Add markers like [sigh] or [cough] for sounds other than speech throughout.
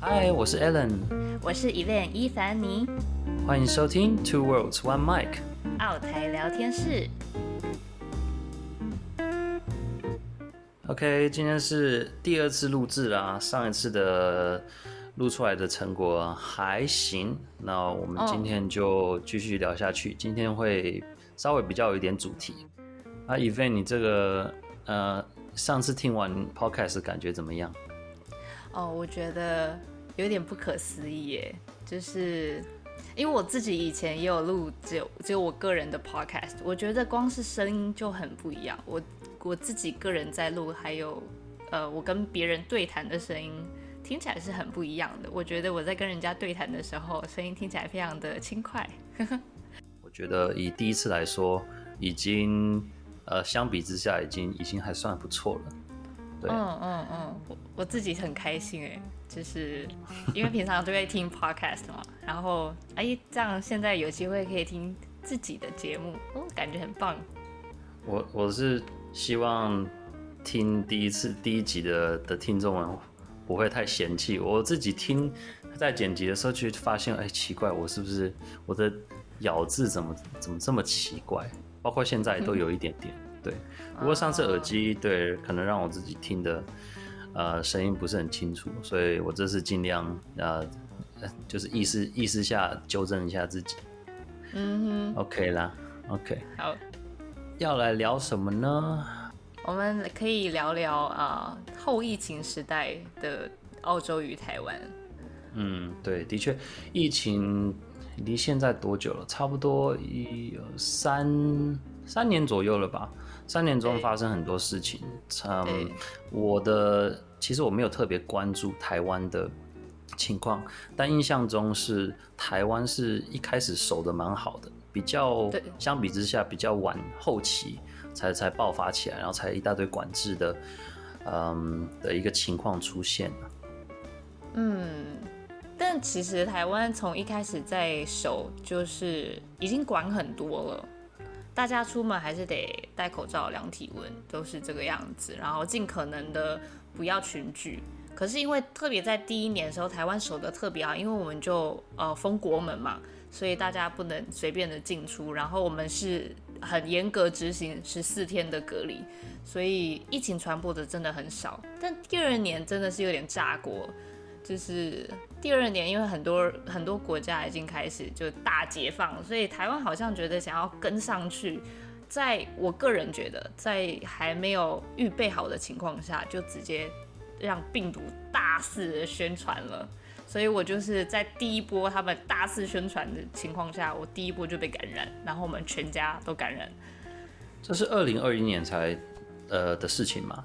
Hi，我是 Allen，我是 Evaine 伊凡尼，歡迎收聽 Two Worlds, One Mic 澳台聊天室。OK，今天是第二次錄製啦，上一次的錄出來的成果還行，那我們今天就繼續聊下去。Oh. 今天會稍微比較有一點主題。啊，Evaine 你這個呃。上次聽完 Podcast 感覺怎麼樣？哦、oh，我覺得有點不可思議耶。就是因為我自己以前也有錄，只有只有我個人的 Podcast，我覺得光是聲音就很不一樣。我我自己個人在錄，還有呃，我跟別人對談的聲音聽起來是很不一樣的。我覺得我在跟人家對談的時候，聲音聽起來非常的輕快。 [laughs] 我覺得以第一次來說，已經。呃，相比之下，已經已經還算不錯了。對，嗯嗯嗯，我我自己很開心哎、欸，就是因為平常都會聽 podcast 嘛， [laughs] 然後哎、欸，這樣現在有機會可以聽自己的節目，哦、嗯，感覺很棒。我我是希望聽第一次第一集的的聽眾們不會太嫌棄。我自己聽在剪輯的時候就發現，哎、欸，奇怪，我是不是我的咬字怎麼怎麼這麼奇怪？包括現在都有一點點、嗯，對。不過上次耳機對，可能讓我自己聽的，呃，聲音不是很清楚，所以我這次盡量呃，就是意思意思下糾正一下自己。嗯哼。OK 啦，OK。好。要來聊什麼呢？我們可以聊聊啊、呃，後疫情時代的澳洲與台灣。嗯，對，的確，疫情。離現在多久了？差不多一有三三年左右了吧。三年中發生很多事情。欸、嗯、欸，我的其實我沒有特別關注台灣的情況，但印象中是台灣是一開始守得蠻好的，比較相比之下比較晚後期才才爆發起來，然後才一大堆管制的嗯的一個情況出現嗯。但其實台灣從一開始在守，就是已經管很多了，大家出門還是得戴口罩、量體溫，都是這個樣子，然後盡可能的不要群聚。可是因為特別在第一年的時候，台灣守得特別好，因為我們就呃封國門嘛，所以大家不能隨便的進出，然後我們是很嚴格執行十四天的隔離，所以疫情傳播的真的很少。但第二年真的是有點炸鍋。就是第二年，因為很多很多國家已經開始就大解放，所以台灣好像覺得想要跟上去。在我個人覺得，在還沒有預備好的情況下，就直接讓病毒大肆宣傳了。所以我就是在第一波他們大肆宣傳的情況下，我第一波就被感染，然後我們全家都感染。這是二零二一年才呃的、的事情嗎？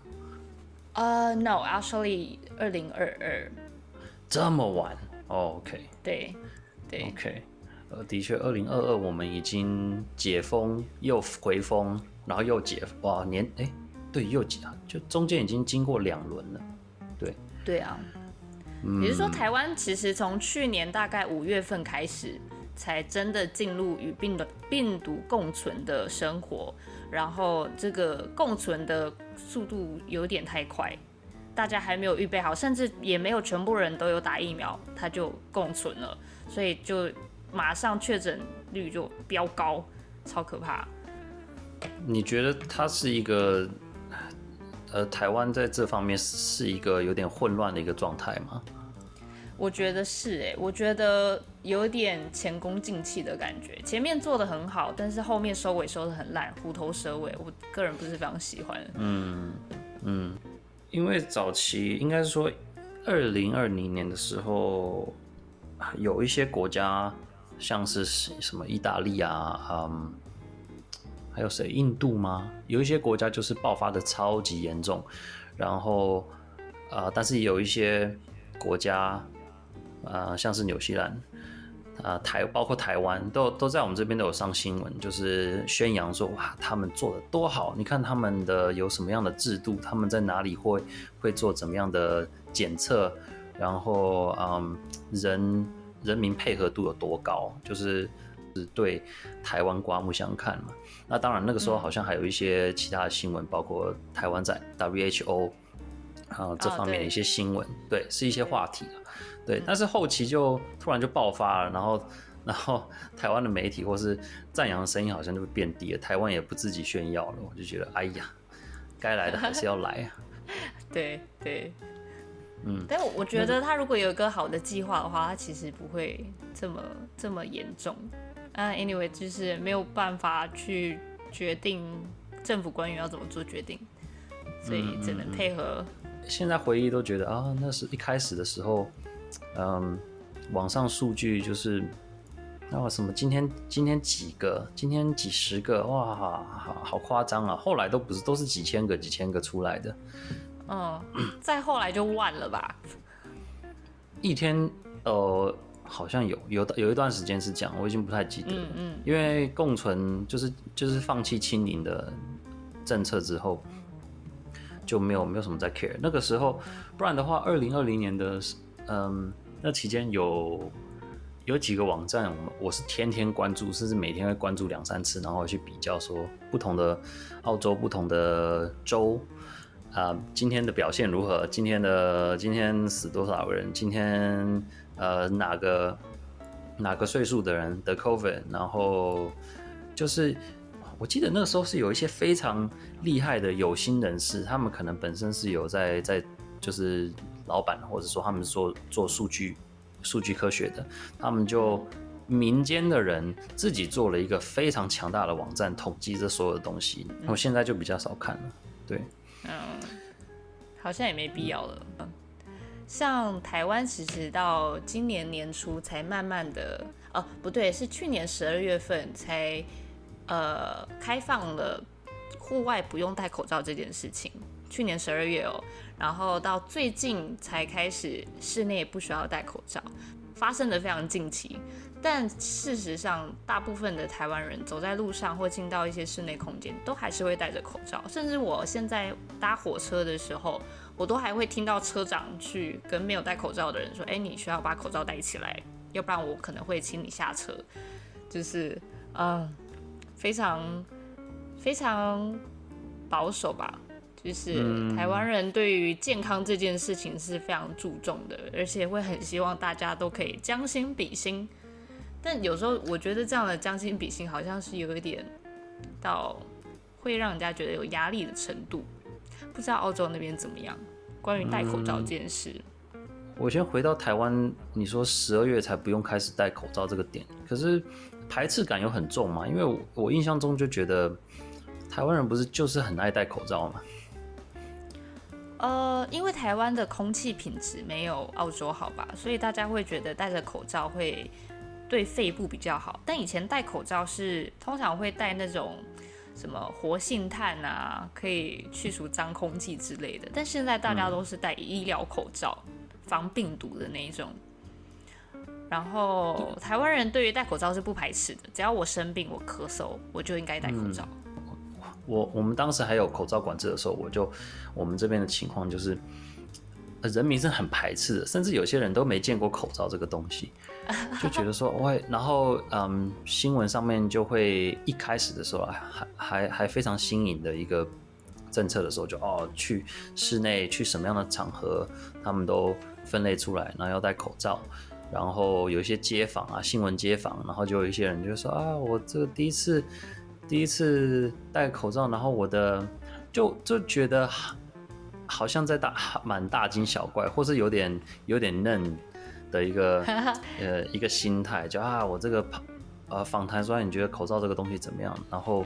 呃，uh，no，actually，二零二二。這麼晚？oh，OK，對，對，OK，呃，的確，二零二二我們已經解封，又回封，然後又解，哇，年，哎，對，又解，就中間已經經過兩輪了，對，對啊，也就是說，台灣其實從去年大概五月份開始，才真的進入與病毒病毒共存的生活，然後這個共存的速度有點太快。大家還沒有預備好，甚至也沒有全部人都有打疫苗，它就共存了，所以就馬上確診率就飆高，超可怕。你覺得它是一個，呃，台灣在這方面是一個有點混亂的一個狀態嗎？我覺得是哎、欸，我覺得有點前功盡棄的感覺，前面做得很好，但是後面收尾收得很爛，虎頭蛇尾，我個人不是非常喜歡。嗯嗯。因為早期應該是說，二零二零年的時候，有一些國家像是什麼意大利啊，嗯，還有誰，印度嗎？有一些國家就是爆發的超級嚴重，然後啊、呃，但是也有一些國家、呃，像是紐西蘭。啊、呃，台包括台灣都都在我們這邊都有上新聞，就是宣揚說哇，他們做的多好，你看他們的有什麼樣的制度，他們在哪裡會會做怎麼樣的檢測，然後嗯，人人民配合度有多高，就是對台灣刮目相看嘛。那當然，那個時候好像還有一些其他的新聞、嗯，包括台灣在 WHO、呃哦、這方面的一些新聞，對，是一些話題、啊。對，但是後期就突然就爆發了，然後，然後台灣的媒體或是讚揚的聲音好像就變低了，台灣也不自己炫耀了，我就覺得，哎呀，該來的還是要來啊。 [laughs] 對對，嗯，但我覺得他如果有一個好的計劃的話，他其實不會這麼這麼嚴重。啊，uh, anyway，就是沒有辦法去決定政府官員要怎麼做決定，所以只能配合。嗯嗯嗯，現在回憶都覺得啊，那是一開始的時候。嗯，網上數據就是，那、哦、我什麼，今天今天幾個，今天幾十個，哇，好誇張啊！後來都不是，都是幾千個、幾千個出來的。嗯、哦，再後來就忘了吧？一天，呃，好像有有有，有一段時間是這樣，我已經不太記得。嗯，嗯因為共存就是就是放棄清零的政策之後，就沒有沒有什麼在 care。那個時候，不然的話，二零二零年的。嗯，那期間有有幾個網站，我我是天天關注，甚至每天會關注兩三次，然後去比較說不同的澳洲不同的州啊、呃，今天的表現如何？今天的今天死多少個人？今天呃哪個哪個歲數的人得 COVID？然後就是我記得那時候是有一些非常厲害的有心人士，他們可能本身是有在在就是。老闆，或者說他們做做數據、數據科學的，他們就民間的人自己做了一個非常強大的網站，統計這所有的東西。我現在就比較少看了，對，嗯，好像也沒必要了。嗯，像台灣其實到今年年初才慢慢的，哦、啊，不對，是去年十二月份才呃開放了戶外不用戴口罩這件事情。去年十二月哦。然後到最近才開始室內不需要戴口罩，發生的非常近期。但事實上，大部分的台灣人走在路上或進到一些室內空間，都還是會戴着口罩。甚至我現在搭火車的時候，我都還會聽到車長去跟沒有戴口罩的人說：“哎，你需要把口罩戴起來，要不然我可能會請你下車。”就是，嗯，非常非常保守吧。就是台灣人對於健康這件事情是非常注重的，嗯、而且會很希望大家都可以將心比心。但有時候我覺得這樣的將心比心，好像是有一點到會讓人家覺得有壓力的程度。不知道澳洲那邊怎麼樣？關於戴口罩這件事，我先回到台灣。你說十二月才不用開始戴口罩這個點，可是排斥感又很重嗎？因為我我印象中就覺得台灣人不是就是很愛戴口罩嗎？呃，因為台灣的空氣品質沒有澳洲好吧，所以大家會覺得戴着口罩會對肺部比較好。但以前戴口罩是通常會戴那種什麼活性炭啊，可以去除髒空氣之類的。但現在大家都是戴醫療口罩，嗯，防病毒的那一種。然後台灣人對於戴口罩是不排斥的，只要我生病，我咳嗽，我就應該戴口罩。嗯我我們當時還有口罩管制的時候，我就我們這邊的情況就是，人民是很排斥的，甚至有些人都沒見過口罩這個東西，就覺得說，喂。然後嗯，新聞上面就會一開始的時候啊，還還還非常新穎的一個政策的時候，就哦，去室內去什麼樣的場合，他們都分類出來，然後要戴口罩，然後有一些街訪啊，新聞街訪，然後就有一些人就說啊，我這個第一次。第一次戴口罩，然後我的就就覺得好像在大蠻大驚小怪，或是有點有點嫩的一個 [laughs] 呃一個心態，就啊我這個呃訪談說你覺得口罩這個東西怎麼樣？然後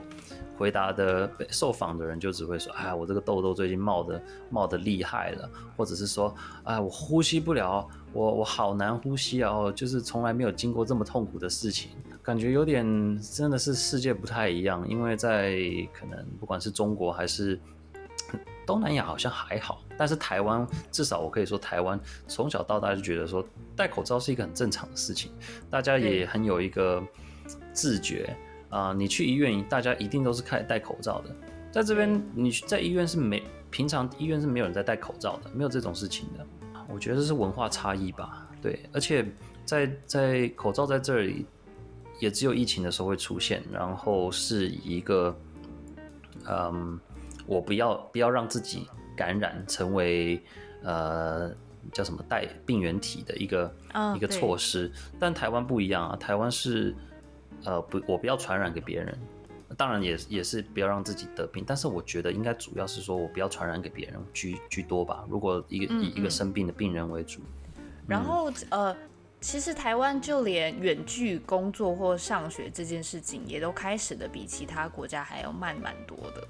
回答的受訪的人就只會說哎、啊，我這個痘痘最近冒的冒的厲害了，或者是說啊我呼吸不了，我我好難呼吸然、啊、哦就是從來沒有經過這麼痛苦的事情。感覺有點真的是世界不太一樣，因為在可能不管是中國還是東南亞好像還好，但是台灣至少我可以說台，台灣從小到大就覺得說戴口罩是一個很正常的事情，大家也很有一個自覺啊、呃。你去醫院，大家一定都是開戴口罩的，在這邊你在醫院是沒平常醫院是沒有人在戴口罩的，沒有這種事情的。我覺得這是文化差異吧，對，而且在在口罩在這裡。也只有疫情的時候會出現，然後是一個，嗯，我不要不要讓自己感染，成為呃叫什麼帶病原體的一個、Oh, 一個措施。但台灣不一樣啊，台灣是呃不，我不要傳染給別人，當然也也是不要讓自己得病。但是我覺得應該主要是說我不要傳染給別人居居多吧。如果一個以一個生病的病人為主，嗯嗯嗯、然後呃。Uh 其實台灣就連遠距工作或上學這件事情，也都開始的比其他國家還要慢蠻多的。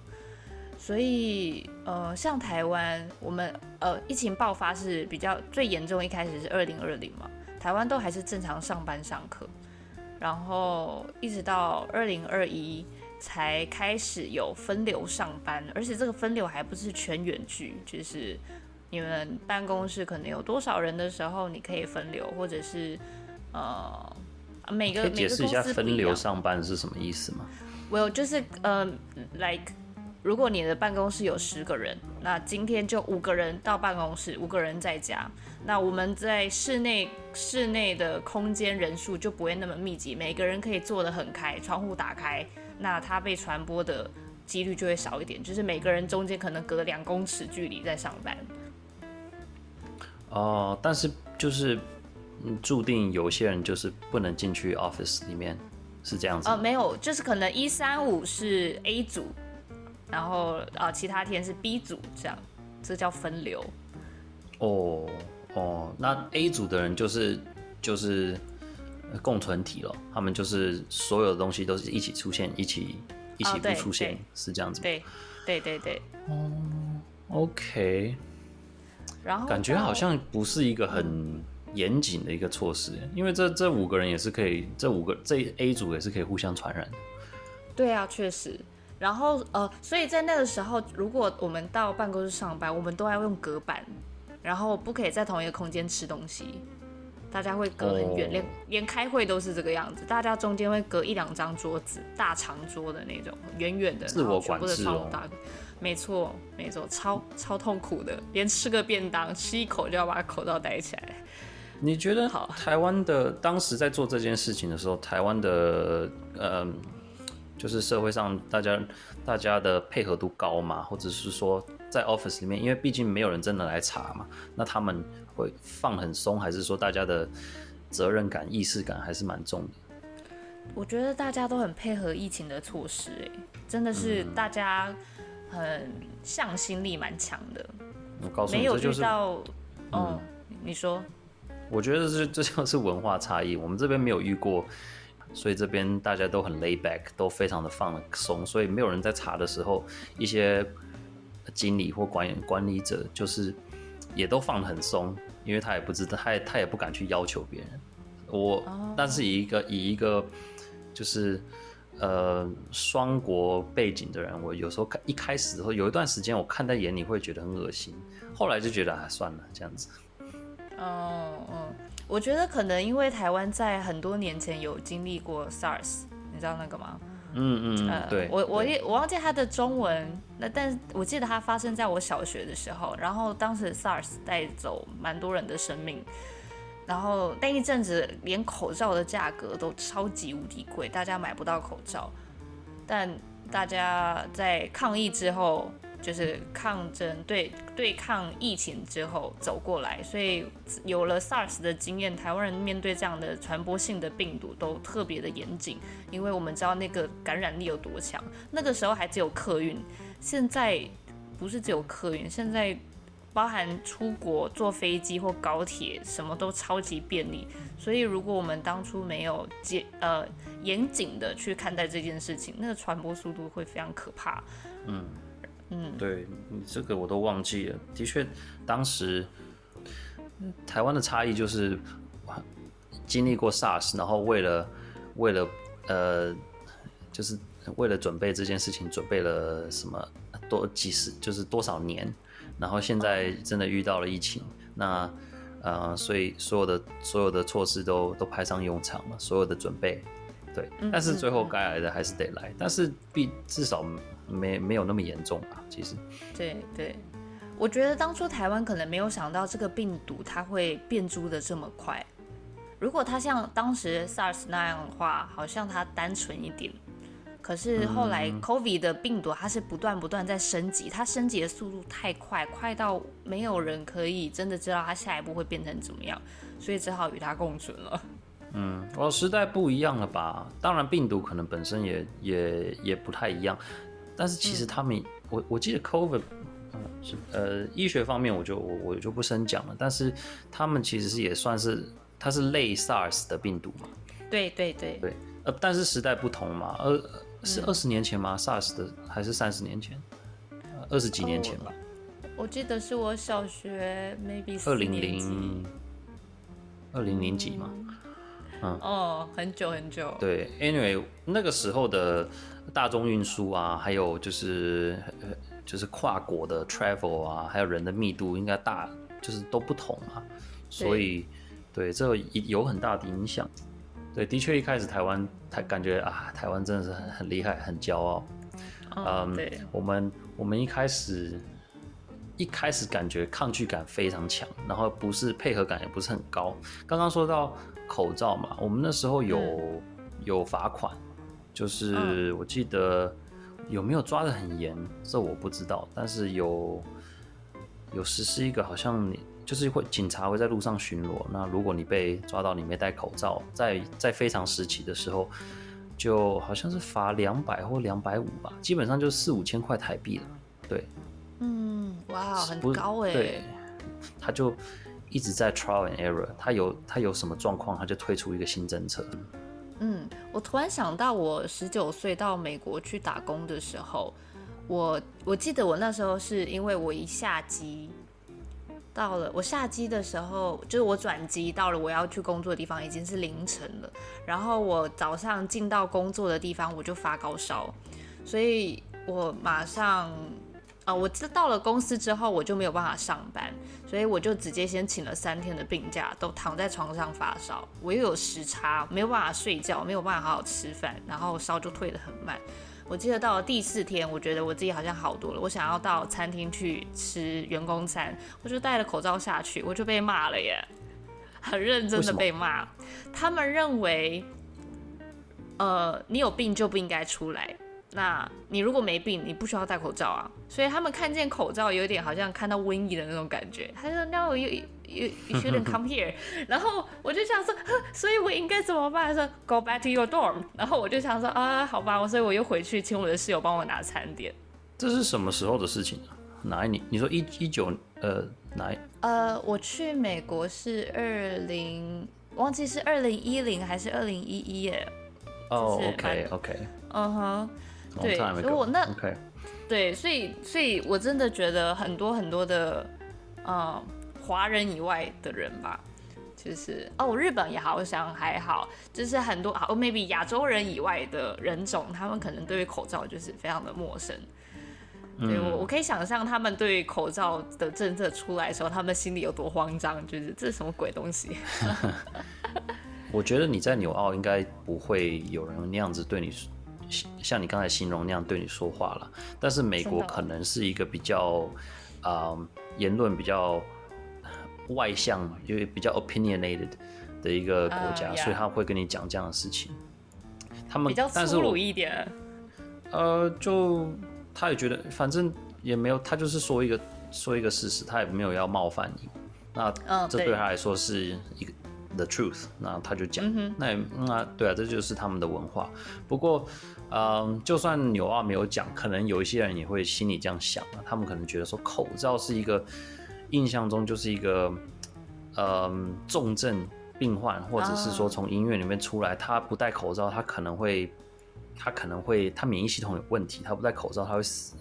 所以，呃，像台灣，我們呃，疫情爆發是比較最嚴重，一開始是二零二零嘛，台灣都還是正常上班上課，然後一直到二零二一才開始有分流上班，而且這個分流還不是全遠距，就是。你們辦公室可能有多少人的時候，你可以分流，或者是呃，每個每個公司你可以解釋一下分流上班是什麼意思嗎？Well，就是呃，like，如果你的辦公室有十個人，那今天就五個人到辦公室，五個人在家。那我們在室內，室內的空間人數就不會那麼密集，每個人可以坐得很開，窗戶打開，那它被傳播的幾率就會少一點。就是每個人中間可能隔兩公尺距離在上班。哦，但是就是注定有些人就是不能進去 office 裡面，是這樣子的。哦，沒有，就是可能一三五是 A 組，然後啊、哦，其他天是 B 組，這樣，這叫分流。哦哦，那 A 組的人就是就是共存體了，他們就是所有的東西都是一起出現，一起一起不出現，哦、是這樣子的。對對對對。哦、嗯，OK。感覺好像不是一個很嚴謹的一個措施，因為這這五個人也是可以，這五個這 A 組也是可以互相傳染的。對啊，確實。然後呃，所以在那個時候，如果我們到辦公室上班，我們都要用隔板，然後不可以在同一個空間吃東西。大家會隔很遠，oh. 連連開會都是這個樣子。大家中間會隔一兩張桌子，大長桌的那種，遠遠的，自我管制，然後全部都戴口罩。沒錯，沒錯，超超痛苦的。連吃個便當，吃一口就要把口罩戴起來。你覺得，好，台灣的當時在做這件事情的時候，台灣的呃，就是社會上大家大家的配合度高嘛，或者是說在 office 裡面，因為畢竟沒有人真的來查嘛，那他們。會放得很鬆，還是說大家的責任感、意識感還是蠻重的？我覺得大家都很配合疫情的措施，欸，真的是大家很向心力蠻強的，我告訴你。沒有遇到，嗯，哦，你說？我覺得這就是文化差異，我們這邊沒有遇過，所以這邊大家都很 lay back，都非常的放鬆，所以沒有人在查的時候，一些經理或管管理者，就是也都放得很鬆。因為他也不知道，他也他也不敢去要求別人。我，oh. 但是以一個以一個就是呃雙國背景的人，我有時候一開始的時候有一段時間我看在眼裡會覺得很惡心，後來就覺得啊算了這樣子。哦，oh, um，我覺得可能因為台灣在很多年前有經歷過 SARS，你知道那個嗎？嗯嗯，嗯、呃，對，我我也我忘記他的中文，那但我記得他發生在我小學的時候，然後當時 SARS 帶走蠻多人的生命，然後那一陣子連口罩的價格都超級無敵貴，大家買不到口罩，但大家在抗疫之後。就是抗爭，對對抗疫情之後走過來，所以有了 SARS 的經驗，台灣人面對這樣的傳播性的病毒都特別的嚴謹，因為我們知道那個感染力有多強。那個時候還只有客運，現在不是只有客運，現在包含出國坐飛機或高鐵，什麼都超級便利。所以如果我們當初沒有呃嚴謹的去看待這件事情，那個傳播速度會非常可怕。嗯。嗯，對你這個我都忘記了。的確，當時台灣的差異就是經歷過 SARS，然後為了為了呃，就是為了準備這件事情，準備了什麼多幾十，就是多少年。然後現在真的遇到了疫情，嗯、那呃，所以所有的所有的措施都都派上用場了，所有的準備，對。嗯嗯，但是最後該來的還是得來，但是必至少。沒沒有那麼嚴重啊。其實，對對，我覺得當初台灣可能沒有想到這個病毒它會變株的這麼快。如果它像當時 SARS 那樣的話，好像它單純一點。可是後來 COVID 的病毒它是不斷不斷在升級、嗯，它升級的速度太快，快到沒有人可以真的知道它下一步會變成怎麼樣，所以只好與它共存了。嗯，我、哦、時代不一樣了吧？當然，病毒可能本身也也也不太一樣。但是其實他們，嗯、我我記得 COVID、嗯、是呃醫學方面我，我就我我就不深講了。但是他們其實是也算是，嗯、它是類 SARS 的病毒嘛？對對對對，呃，但是時代不同嘛，二是二十年前嗎、嗯、？SARS 的還是三十年前？呃、二十幾年前吧、哦我。我記得是我小學 maybe 二零零二零零幾嘛。嗯哦、嗯，oh, 很久很久。對，Anyway，那個時候的大眾運輸啊，還有就是就是跨國的 travel 啊，還有人的密度應該大，就是都不同嘛。所以，對，對這有很大的影響。對，的確，一開始台灣，他感覺啊，台灣真的是很很厲害，很驕傲。Oh, 嗯，我們我們一開始一開始感覺抗拒感非常強，然後不是配合感也不是很高。剛剛說到。口罩嘛，我們那時候有、嗯、有罰款，就是我記得有沒有抓得很嚴，這我不知道。但是有有實施一個好像你就是會警察會在路上巡邏，那如果你被抓到你沒戴口罩，在在非常時期的時候，就好像是罰兩百或兩百五吧，基本上就四五千塊台幣了。對，嗯，哇，很高哎、對，他就。一直在 trial and error，他有他有什麼狀況，他就推出一個新政策。嗯，我突然想到，我十九歲到美國去打工的時候，我我記得我那時候是因為我一下機到了，我下機的時候就是我轉機到了我要去工作的地方已經是凌晨了，然後我早上進到工作的地方我就發高燒，所以我馬上。啊、呃，我就到了公司之後，我就沒有辦法上班，所以我就直接先請了三天的病假，都躺在床上發燒。我又有時差，沒有辦法睡覺，沒有辦法好好吃飯，然後燒就退得很慢。我記得到了第四天，我覺得我自己好像好多了，我想要到餐廳去吃員工餐，我就戴了口罩下去，我就被罵了耶，很認真的被罵。他們認為，呃，你有病就不應該出來。那你如果沒病，你不需要戴口罩啊。所以他們看見口罩，有點好像看到瘟疫的那種感覺。他說 “No, you you, you shouldn't come here。 [laughs] ”然後我就想說，所以我應該怎麼辦？他說 “Go back to your dorm。”然後我就想說，啊，好吧，我所以我又回去請我的室友幫我拿餐點。這是什麼時候的事情、啊？哪一年？你說一一九？呃，哪一？呃，我去美國是二零，忘記是二零一零還是二零一一耶。哦、oh,，OK OK。嗯哼。對，所以我那，okay. 對，所以，所以我真的覺得很多很多的，呃、華人以外的人吧，就是哦，日本也好像還好，就是很多，哦，maybe 亞洲人以外的人種，他們可能對於口罩就是非常的陌生，對、嗯，我我可以想象他們對口罩的政策出來的時候，他們心裡有多慌張，就是這是什麼鬼東西？ [laughs] 我覺得你在紐澳應該不會有人那樣子對你。像你剛才形容那樣對你說話了，但是美國可能是一個比較，啊、呃，言論比較外向嘛，因為比較 opinionated 的一個國家，uh, yeah. 所以他會跟你講這樣的事情。他們比較粗魯一點，呃，就他也覺得反正也沒有，他就是說一個說一個事實，他也沒有要冒犯你。那、uh, 對，這對他來說是一個 the truth，那他就講、mm -hmm.，那也那對啊，這就是他們的文化。不過。嗯、um,，就算紐澳沒有講，可能有一些人也會心裡這樣想啊。他們可能覺得說，口罩是一個印象中就是一個，嗯，重症病患，或者是說從醫院裡面出來，oh. 他不戴口罩，他可能會，他可能會，他免疫系統有問題，他不戴口罩他會死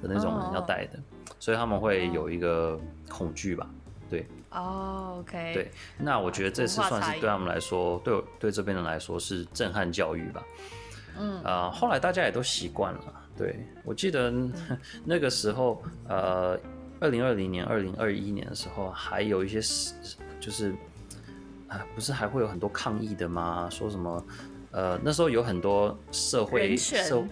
的那種人要戴的，oh. 所以他們會有一個恐懼吧？對。哦、oh,，OK。對，那我覺得這次算是對他們來說，oh, okay. 對這對,說、oh. 對,對這邊的人來說是震撼教育吧。嗯啊、呃，後來大家也都習慣了。對我記得那個時候，呃，二零二零年，二零二一年的時候，還有一些是，就是，啊，不是還會有很多抗議的嗎？說什麼，呃，那時候有很多社會人社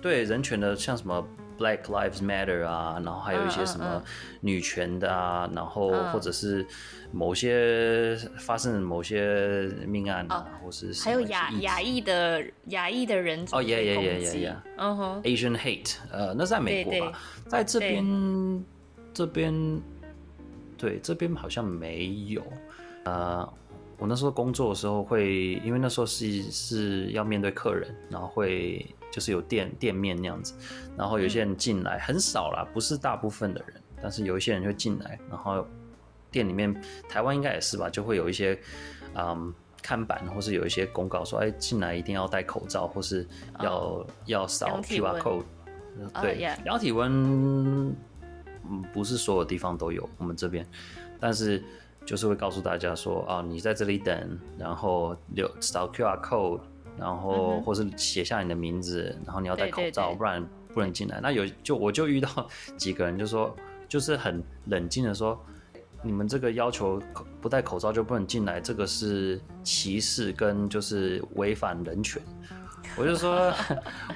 對人權的，像什麼。Black Lives Matter 啊，然後還有一些什麼女權的啊，啊然後或者是某些發生某些命案啊，啊或是、啊哦、或是還有亞亞裔的亞裔的人種攻擊。哦，yeah yeah yeah yeah yeah，嗯哼，Asian hate，呃，那在美國吧，嗯、對對，在這邊這邊對這邊好像沒有。呃，我那時候工作的時候會，因為那時候是是要面對客人，然後會。就是有店店面那樣子，然後有些人進來、嗯、很少啦，不是大部分的人，但是有一些人會進來。然後店裡面，台灣應該也是吧，就會有一些，嗯、看板或是有一些公告說，哎，進來一定要戴口罩或是要、oh, 要掃 QR, QR code、uh。對，量體溫，不是所有地方都有，我們這邊，但是就是會告訴大家說，哦、啊，你在這裡等，然後有掃 QR code。然後、嗯，或是寫下你的名字，然後你要戴口罩，對對對，不然不能進來。那有就我就遇到幾個人，就說就是很冷靜的說，你們這個要求不戴口罩就不能進來，這個是歧視跟就是違反人權。 [laughs] 我就說，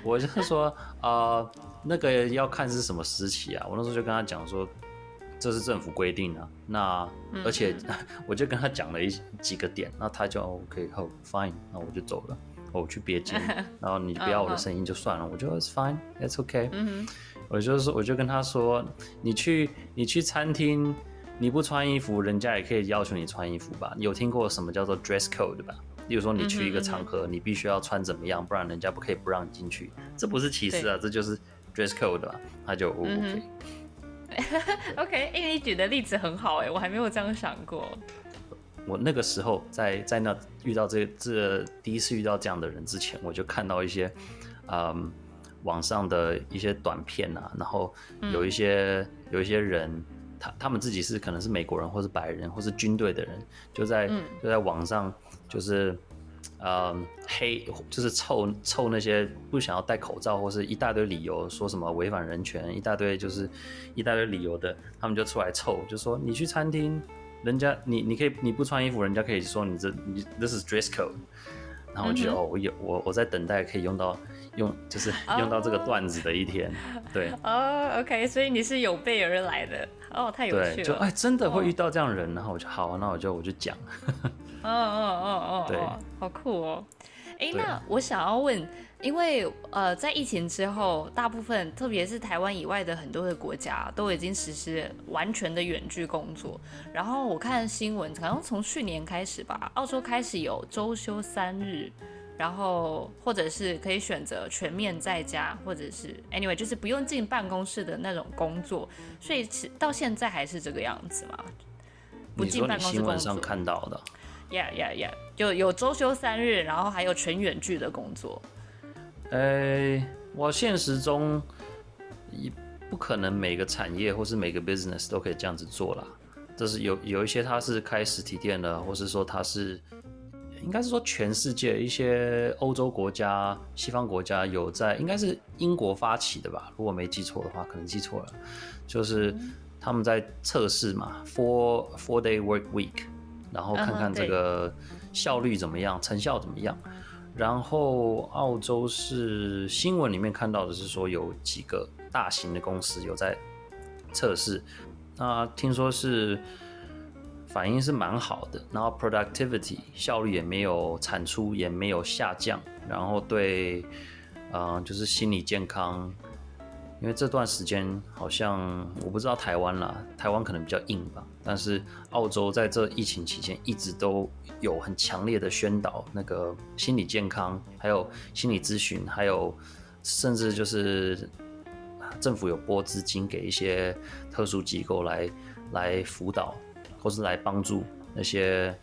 我就說，呃，那個要看是什麼時期啊。我那時候就跟他講說，這是政府規定的、啊。那而且、嗯、 [laughs] 我就跟他講了一幾個點，那他就、哦、OK，好，fine。那我就走了。我去憋緊。然後你不要我的聲音就算了， [laughs] 我就 It's fine, It's okay 我就是我就跟他說，你去你去餐廳，你不穿衣服，人家也可以要求你穿衣服吧？你有聽過什麼叫做 dress code 吧？例如說你去一個場合，嗯、你必須要穿怎麼樣，不然人家不可以不讓你進去。這不是歧視啊，這就是 dress code 吧。他就 OK、嗯。OK，哎、 [laughs] okay, 欸，你舉的例子很好哎、欸，我還沒有這樣想過。我那個時候在在那遇到這個、這個、第一次遇到這樣的人之前，我就看到一些，嗯，網上的一些短片啊，然後有一些、嗯、有一些人，他他們自己是可能是美國人或是白人或是軍隊的人，就在就在網上就是，嗯，呃、黑就是臭臭那些不想要戴口罩或是一大堆理由說什麼違反人權，一大堆就是一大堆理由的，他們就出來臭，就說你去餐廳。人家你你可以你不穿衣服，人家可以說你這你 this is dress code，然後我覺得哦、嗯，我有我我在等待可以用到用就是用到這個段子的一天，oh. 對哦、oh，OK，所以你是有備而來的哦，oh, 太有趣了，對就哎、欸、真的會遇到這樣人、oh. 然後就好啊，然後我就好，那我就我就講，哦哦哦哦，對，oh, oh, oh, oh. 好酷哦，哎、欸，那我想要問。因為呃，在疫情之後，大部分，特別是台灣以外的很多的國家都已經實施完全的遠距工作。然後我看新聞，好像從去年開始吧，澳洲開始有周休三日，然後或者是可以選擇全面在家，或者是 anyway，就是不用進辦公室的那種工作。所以到現在還是這個樣子嘛，不進辦公室工作。新聞上看到的。Yeah, yeah, yeah，有有周休三日，然後還有全遠距的工作。哎、欸，我現實中也不可能每個產業或是每個 business 都可以這樣子做啦。就是有有一些他是開實體店的，或是說他是，應該是說全世界一些歐洲國家、西方國家有在，應該是英國發起的吧？如果沒記錯的話，可能記錯了，就是他們在測試嘛，four four day work week，然後看看這個效率怎麼樣，啊、成效怎麼樣。然後澳洲是新聞裡面看到的是說有幾個大型的公司有在測試，那聽說是反應是蠻好的，然後 productivity 效率也沒有產出也沒有下降，然後對，嗯、呃，就是心理健康。因為這段時間好像，我不知道台灣啦，台灣可能比較硬吧。但是澳洲在這疫情期間一直都有很強烈的宣導那個心理健康，還有心理諮詢，還有甚至就是政府有撥資金給一些特殊機構來來輔導，或是來幫助那些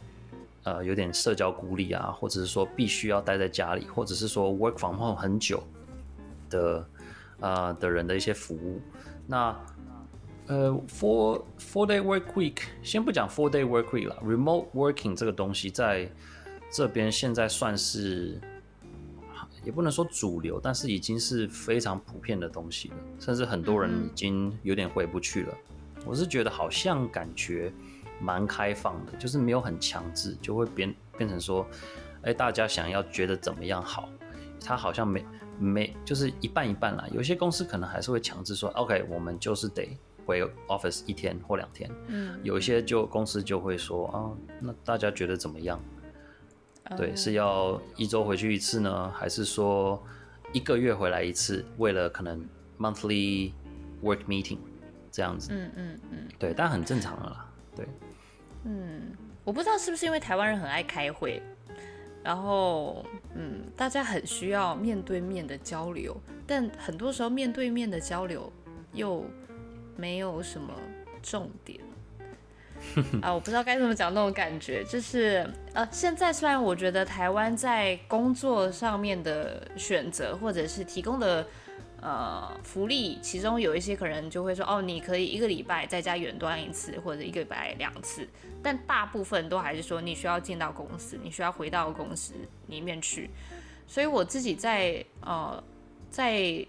呃有點社交孤立啊，或者是說必須要待在家裡，或者是說 work from home 很久的，呃，的人的一些服務，那，呃，four four day work week，先不講 four day work week 啦，remote working 這個東西在這邊現在算是，也不能說主流，但是已經是非常普遍的東西了，甚至很多人已經有點回不去了。嗯、我是覺得好像感覺蠻開放的，就是沒有很強制，就會變變成說，哎、欸，大家想要覺得怎麼樣好，他好像沒。沒，就是一半一半啦。有些公司可能還是會強制說，OK，我們就是得回 office 一天或兩天。嗯，有一些就公司就會說啊，那大家覺得怎麼樣？嗯、對，是要一週回去一次呢，還是說一個月回來一次？為了可能 monthly work meeting 這樣子。嗯嗯嗯。對，但很正常的啦。對。嗯，我不知道是不是因為台灣人很愛開會。然後，嗯，大家很需要面對面的交流，但很多時候面對面的交流又沒有什麼重點。 [laughs] 啊，我不知道該怎麼講那種感覺，就是呃，啊，現在雖然我覺得台灣在工作上面的選擇或者是提供的。呃，福利其中有一些可能就會說，哦，你可以一個禮拜在家遠端一次，或者一個禮拜兩次，但大部分都還是說你需要進到公司，你需要回到公司裡面去。所以我自己在呃，在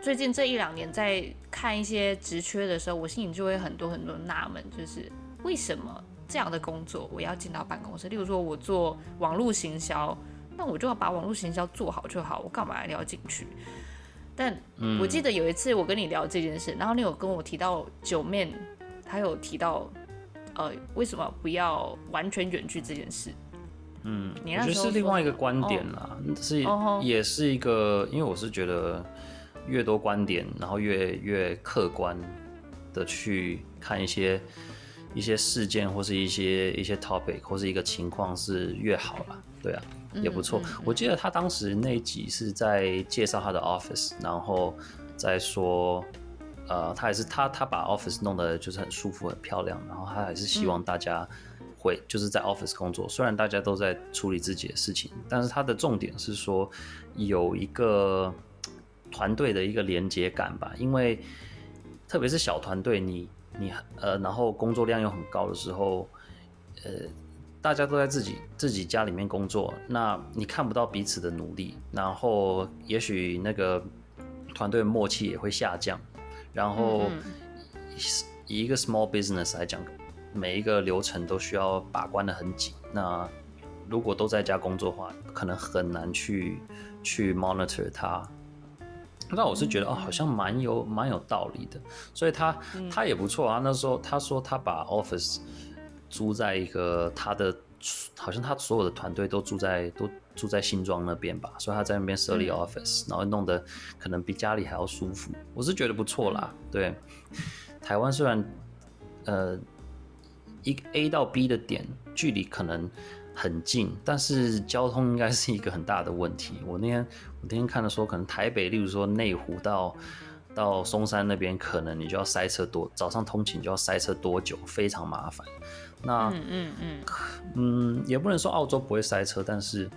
最近這一兩年在看一些職缺的時候，我心裡就會很多很多納悶，就是為什麼這樣的工作我要進到辦公室？例如說，我做網絡行銷，那我就要把網絡行銷做好就好，我幹嘛要進去？但我記得有一次我跟你聊這件事，嗯，然後你有跟我提到九面，他有提到，呃，為什麼不要完全遠距這件事？嗯，你讓。其實另外一個觀點啦，哦、是、哦、也是一個，因為我是覺得越多觀點，然後越越客觀的去看一些一些事件或是一些一些 topic 或是一個情況是越好了。對啊，也不錯。嗯嗯嗯嗯。我記得他當時那集是在介紹他的 office，然後在說，呃，他還是他他把 office 弄得，就是很舒服、很漂亮。然後他還是希望大家回、嗯、就是在 office 工作，雖然大家都在處理自己的事情，但是他的重點是說有一個團隊的一個連接感吧。因為特別是小團隊，你你呃，然後工作量又很高的時候，呃。大家都在自己自己家裡面工作，那你看不到彼此的努力，然後也許那個團隊的默契也會下降。然後以一個 small business 來講，每一個流程都需要把關得很緊。那如果都在家工作的話，可能很難去去 monitor 它。那我是覺得、嗯、哦，好像蠻有蠻有道理的。所以他、嗯、他也不錯啊。那時候他說他把 office 租在一個他的，好像他所有的團隊都住在都住在新莊那邊吧，所以他在那邊設立 office，然後弄得可能比家裡還要舒服，我是覺得不錯啦。對，台灣雖然呃，一 A 到 B 的點距離可能很近，但是交通應該是一個很大的問題。我那天我那天看的時候，可能台北，例如說內湖到到松山那邊，可能你就要塞車多，早上通勤就要塞車多久，非常麻煩。那嗯嗯嗯，嗯，也不能說澳洲不會塞車，但是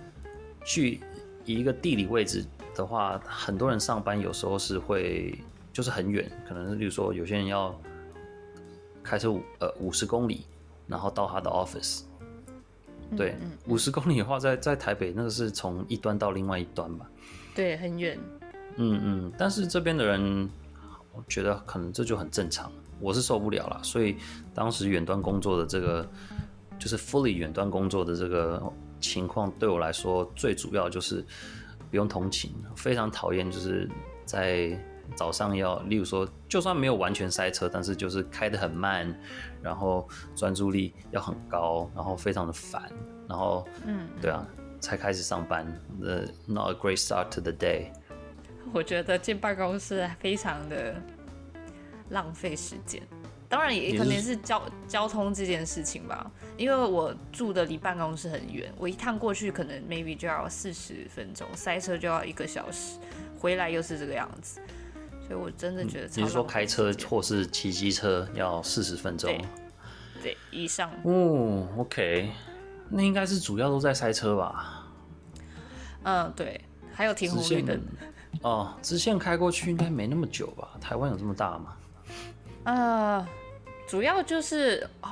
去一個地理位置的話，很多人上班有時候是會就是很遠，可能比如說有些人要開車五呃五十公里，然後到他的 office。對，嗯、嗯、五十公里的話在，在在台北那個是從一端到另外一端吧？對，很遠。嗯嗯，但是這邊的人，我覺得可能這就很正常。我是受不了了，所以當時遠端工作的這個，就是 fully 遠端工作的這個情況，對我來說最主要就是不用通勤，非常討厭。就是在早上要，例如說，就算沒有完全塞車，但是就是開得很慢，然後專注力要很高，然後非常的煩，然後嗯，對啊，才開始上班，呃、嗯嗯、，not a great start to the day。我覺得進辦公室非常的浪費時間，當然也可能是交交通這件事情吧，因為我住的離辦公室很遠，我一趟過去可能 maybe 就要四十分鐘，塞車就要一個小時，回來又是這個樣子，所以我真的覺得你說開車或是騎機車要四十分鐘、嗯，對以上哦、嗯、，OK，那應該是主要都在塞車吧？嗯，對，還有停紅綠燈。哦，直線開過去應該沒那麼久吧？台灣有這麼大嗎？呃，主要就是，呃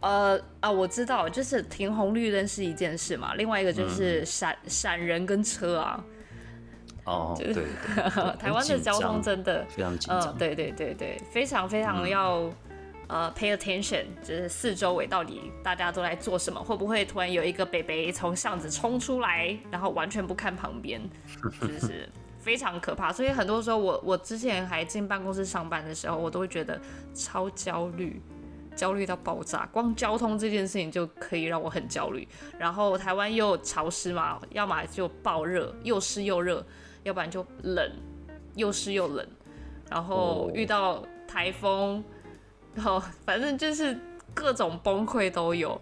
啊、呃，我知道，就是停紅綠燈是一件事嘛，另外一個就是閃閃、嗯、人跟車啊。哦，對，對，對，台灣的交通真的非常緊張、呃。對對對對，非常非常要、嗯、呃 pay attention，就是四周圍到底大家都來做什麼，會不會突然有一個北北從巷子衝出來，然後完全不看旁邊，就是，是。 [laughs] 非常可怕，所以很多時候我我之前還進辦公室上班的時候，我都會覺得超焦慮，焦慮到爆炸。光交通這件事情就可以讓我很焦慮，然後台灣又潮濕嘛，要麼就爆熱，又濕又熱，要不然就冷，又濕又冷。然後遇到台風，然後，Oh. 哦，反正就是各種崩潰都有。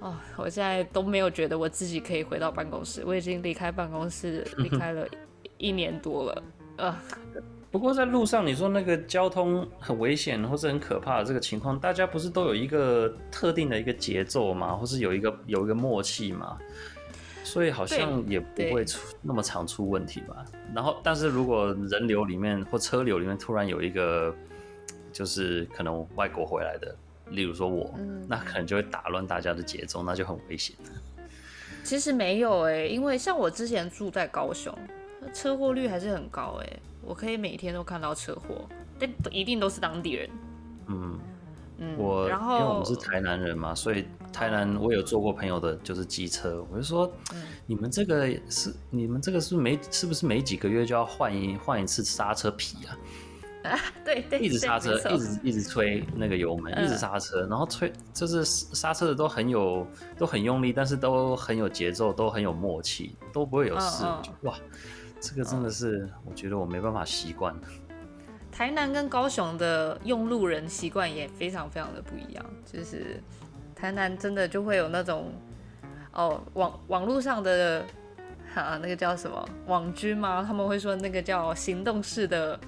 哦，我現在都沒有覺得我自己可以回到辦公室，我已經離開辦公室，離開了。 [laughs] 一年多了，呃、啊，不過在路上，你說那個交通很危險，或是很可怕的這個情況，大家不是都有一個特定的一個節奏嗎？或是有一個有一個默契嗎？所以好像也不會出那麼常出問題吧。然後，但是如果人流裡面或車流裡面突然有一個，就是可能外國回來的，例如說我，嗯、那可能就會打亂大家的節奏，那就很危險了。其實沒有哎、欸，因為像我之前住在高雄。車禍率還是很高哎、欸，我可以每天都看到車禍，但一定都是當地人。嗯嗯，我然後因為我們是台南人嘛，所以台南我有坐過朋友的就是機車，我就說，嗯、你們這個是你們這個是每是，是不是每幾個月就要換一換一次剎車皮啊？啊，對對，一直剎車，一直一直，一直吹那個油門，一直剎車，嗯、然後吹就是剎車的都很有都很用力，但是都很有節奏，都很有默契，都不會有事。哦哦哇。這個真的是，我覺得我沒辦法習慣、哦。台南跟高雄的用路人習慣也非常非常的不一樣，就是台南真的就會有那種哦網網絡上的哈、啊，那個叫什麼網軍嗎？他們會說那個叫行動式的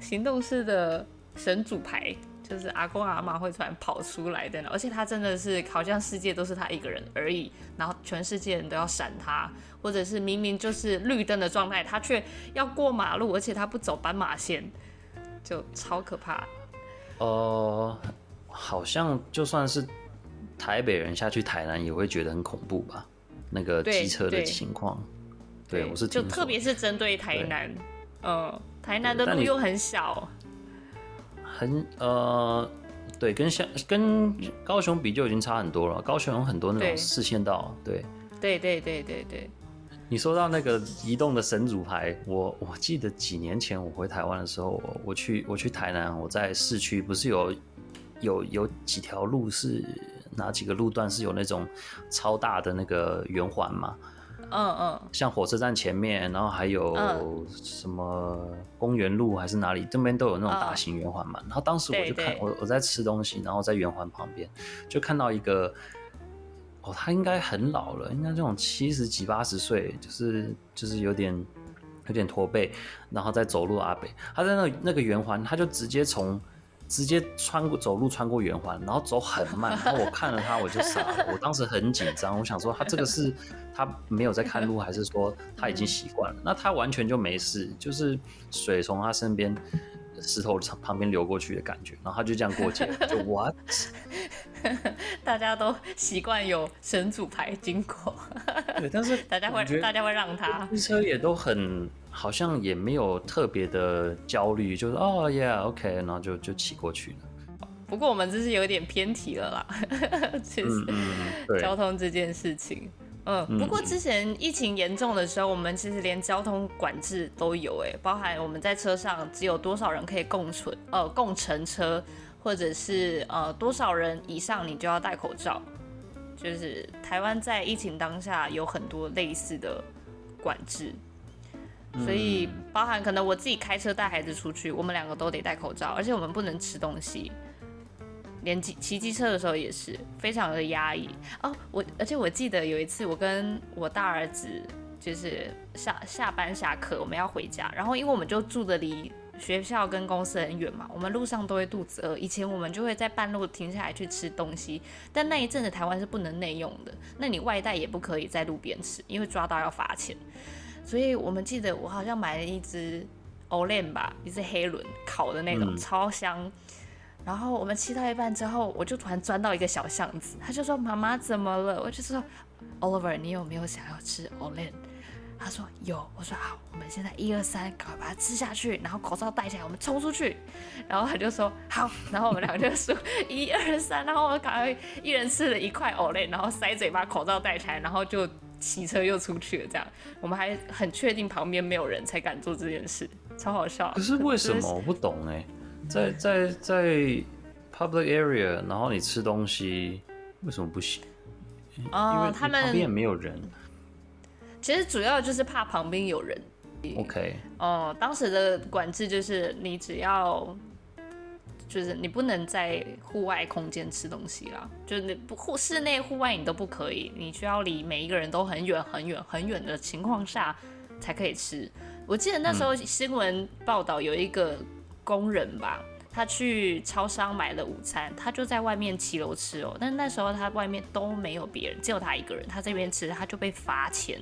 行動式的神主牌。就是阿公阿媽會突然跑出來的，而且他真的是好像世界都是他一個人而已，然後全世界人都要閃他，或者是明明就是綠燈的狀態，他卻要過馬路，而且他不走斑馬線，就超可怕。哦、呃，好像就算是台北人下去台南也會覺得很恐怖吧？那個機車的情況，對，我是就特別是針對台南，嗯、呃，台南的路又很小。很呃，對，跟像跟高雄比就已經差很多了。高雄有很多那種四線道，對對，對，對對對對對。你說到那個移動的神主牌，我我記得幾年前我回台灣的時候，我我去我去台南，我在市區不是有有有幾條路是哪幾個路段是有那種超大的那個圓環嗎？嗯嗯，像火車站前面，然後還有什麼公園路還是哪裡，這邊都有那種大型圓環嘛。然後當時我就看我我在吃東西，然後在圓環旁邊就看到一個，哦，他應該很老了，應該這種七十幾八十歲，就是就是有點有點駝背，然後在走路阿北，他在那個、那個圓環，他就直接從。直接穿過走路穿過圓環，然後走很慢。然後我看了他，我就傻了。 [laughs] 我當時很緊張，我想說他這個是他沒有在看路，還是說他已經習慣了、嗯？那他完全就沒事，就是水從他身邊石頭旁邊流過去的感覺。然後他就這樣過街， [laughs] 就完。大家都習慣有神主牌經過，對，但是大家會大家會讓他，車也都很。好像也沒有特別的焦慮，就是哦、oh，yeah，OK，okay，然後就就騎過去了。不過我們這是有點偏題了啦，嗯、 [laughs] 其實交通這件事情，嗯，不過之前疫情嚴重的時候，我們其實連交通管制都有、欸，哎，包含我們在車上只有多少人可以共存，呃，共乘車，或者是呃多少人以上你就要戴口罩，就是台灣在疫情當下有很多類似的管制。所以，包含可能我自己開車帶孩子出去，我們兩個都得戴口罩，而且我們不能吃東西。連騎騎機車的時候也是非常的壓抑哦。我而且我記得有一次，我跟我大兒子就是下下班下課，我們要回家，然後因為我們就住得離學校跟公司很遠嘛，我們路上都會肚子餓。以前我們就會在半路停下來去吃東西，但那一陣子台灣是不能內用的，那你外帶也不可以在路邊吃，因為抓到要罰錢。所以我們記得我好像買了一只歐蕾吧，一只黑輪烤的那種、嗯，超香。然後我們吃到一半之後，我就突然鑽到一個小巷子，他就說：“媽媽怎麼了？”我就說：“Oliver，你有沒有想要吃歐蕾？”他說：“有。”我說：“好，我們現在一二三，趕快把它吃下去，然後口罩戴起來，我們衝出去。”然後他就說：“好。”然後我們兩個就說：“一二三，然後我趕快一人吃了一塊歐蕾，然後塞嘴巴，口罩戴起來，然後就。騎車又出去了，這樣我們還很確定旁邊沒有人才敢做這件事，超好笑。可是為什麼、就是、我不懂呢、欸？在在在 public area，然後你吃東西為什麼不行、呃？因為他們旁邊也沒有人。其實主要就是怕旁邊有人。OK、呃。哦，當時的管制就是你只要。就是你不能在戶外空間吃東西啦，就是你不戶室內戶外你都不可以，你需要離每一個人都很遠很遠很遠的情況下才可以吃。我記得那時候新聞報道有一個工人吧，他去超商買了午餐，他就在外面騎樓吃哦、喔。但是那時候他外面都沒有別人，只有他一個人，他這邊吃，他就被罰錢。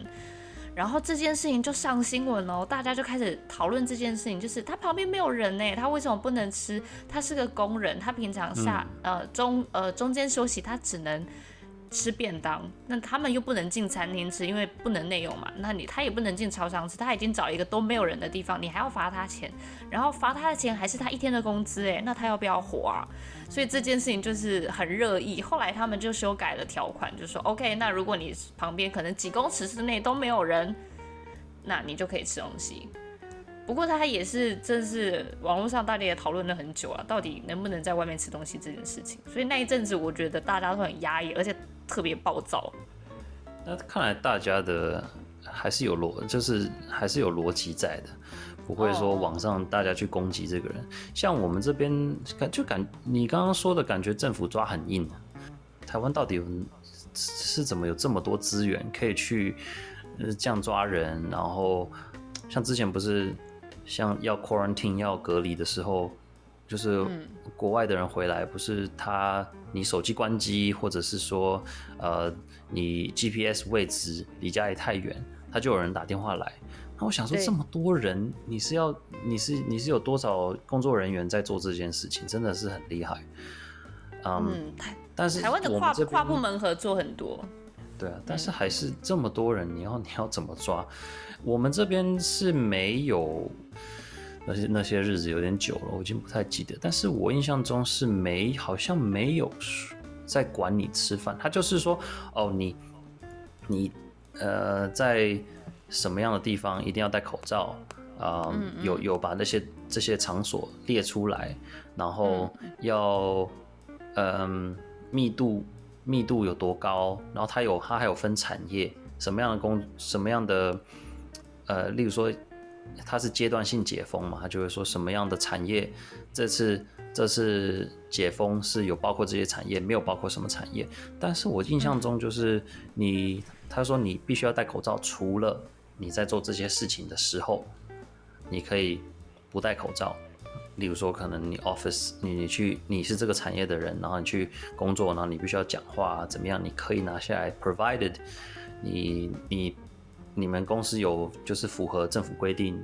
然後這件事情就上新聞了、哦，大家就開始討論這件事情，就是他旁邊沒有人呢，他為什麼不能吃？他是個工人，他平常下、嗯、呃中呃中間休息，他只能吃便當，那他們又不能進餐廳吃，因為不能內用嘛。那你他也不能進超商吃，他已經找一個都沒有人的地方，你還要罰他錢，然後罰他的錢還是他一天的工資誒、欸。那他要不要活啊？所以這件事情就是很熱議。後來他們就修改了條款，就說 OK，那如果你旁邊可能幾公尺之內都沒有人，那你就可以吃東西。不過他也是，正是網絡上大家也討論了很久啊，到底能不能在外面吃東西這件事情。所以那一陣子，我覺得大家都很壓抑，而且特別暴躁。那看來大家的還是有邏，就是還是有邏輯在的，不會說網上大家去攻擊這個人。Oh, oh. 像我們這邊，就感，就感你剛剛說的感覺，政府抓很硬。台灣到底有是怎麼有這麼多資源可以去這樣抓人？然後像之前不是？像要 quarantine 要隔離的時候，就是國外的人回來。嗯、不是他你手機關機，或者是說呃你 GPS 位置離家裡太遠，他就有人打電話來。那我想說，這麼多人，你是要你是你是有多少工作人員在做這件事情，真的是很厲害。Um, 嗯，但是台灣的跨跨部門合作很多。對啊，但是還是這麼多人，你要你要怎麼抓？嗯、我們這邊是沒有。那些那些日子有點久了，我已經不太記得。但是我印象中是沒好像沒有在管你吃飯，他就是說哦，你你呃在什麼樣的地方一定要戴口罩啊、呃嗯嗯，有有把那些這些場所列出來，然後要嗯、呃、密度密度有多高，然後它有它還有分產業，什麼樣的工什麼樣的呃，例如說。它是階段性解封嘛，他就會說什麼樣的產業，這次這次解封是有包括這些產業，沒有包括什麼產業。但是我印象中就是你，他說你必須要戴口罩，除了你在做這些事情的時候，你可以不戴口罩。例如說，可能你 office，你，你去你是這個產業的人，然後你去工作，然後你必須要講話，怎麼樣？你可以拿下來，provided 你你。你們公司有就是符合政府規定，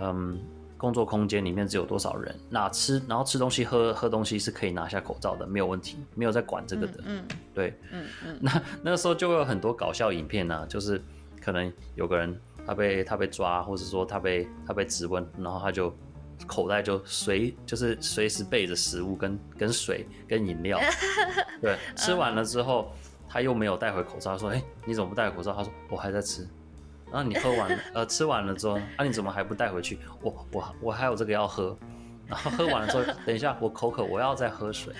嗯，工作空間裡面只有多少人，那吃，然後吃東西喝，喝喝東西是可以拿下口罩的，沒有問題，沒有在管這個的。嗯，嗯，對，嗯嗯。那那時候就會有很多搞笑影片啊，就是可能有個人他被他被抓，或者說他被他被質問，然後他就口袋就隨就是隨時備着食物跟，嗯、跟水跟飲料， [laughs] 對，吃完了之後。 [laughs] 他又沒有戴回口罩，他說：“哎、欸，你怎麼不戴口罩？”他說：“我還在吃。”啊，然後你喝完，呃，吃完了之後，那、啊，你怎麼還不戴回去？我我我還有這個要喝。然後喝完了之後，等一下我口渴，我要再喝水。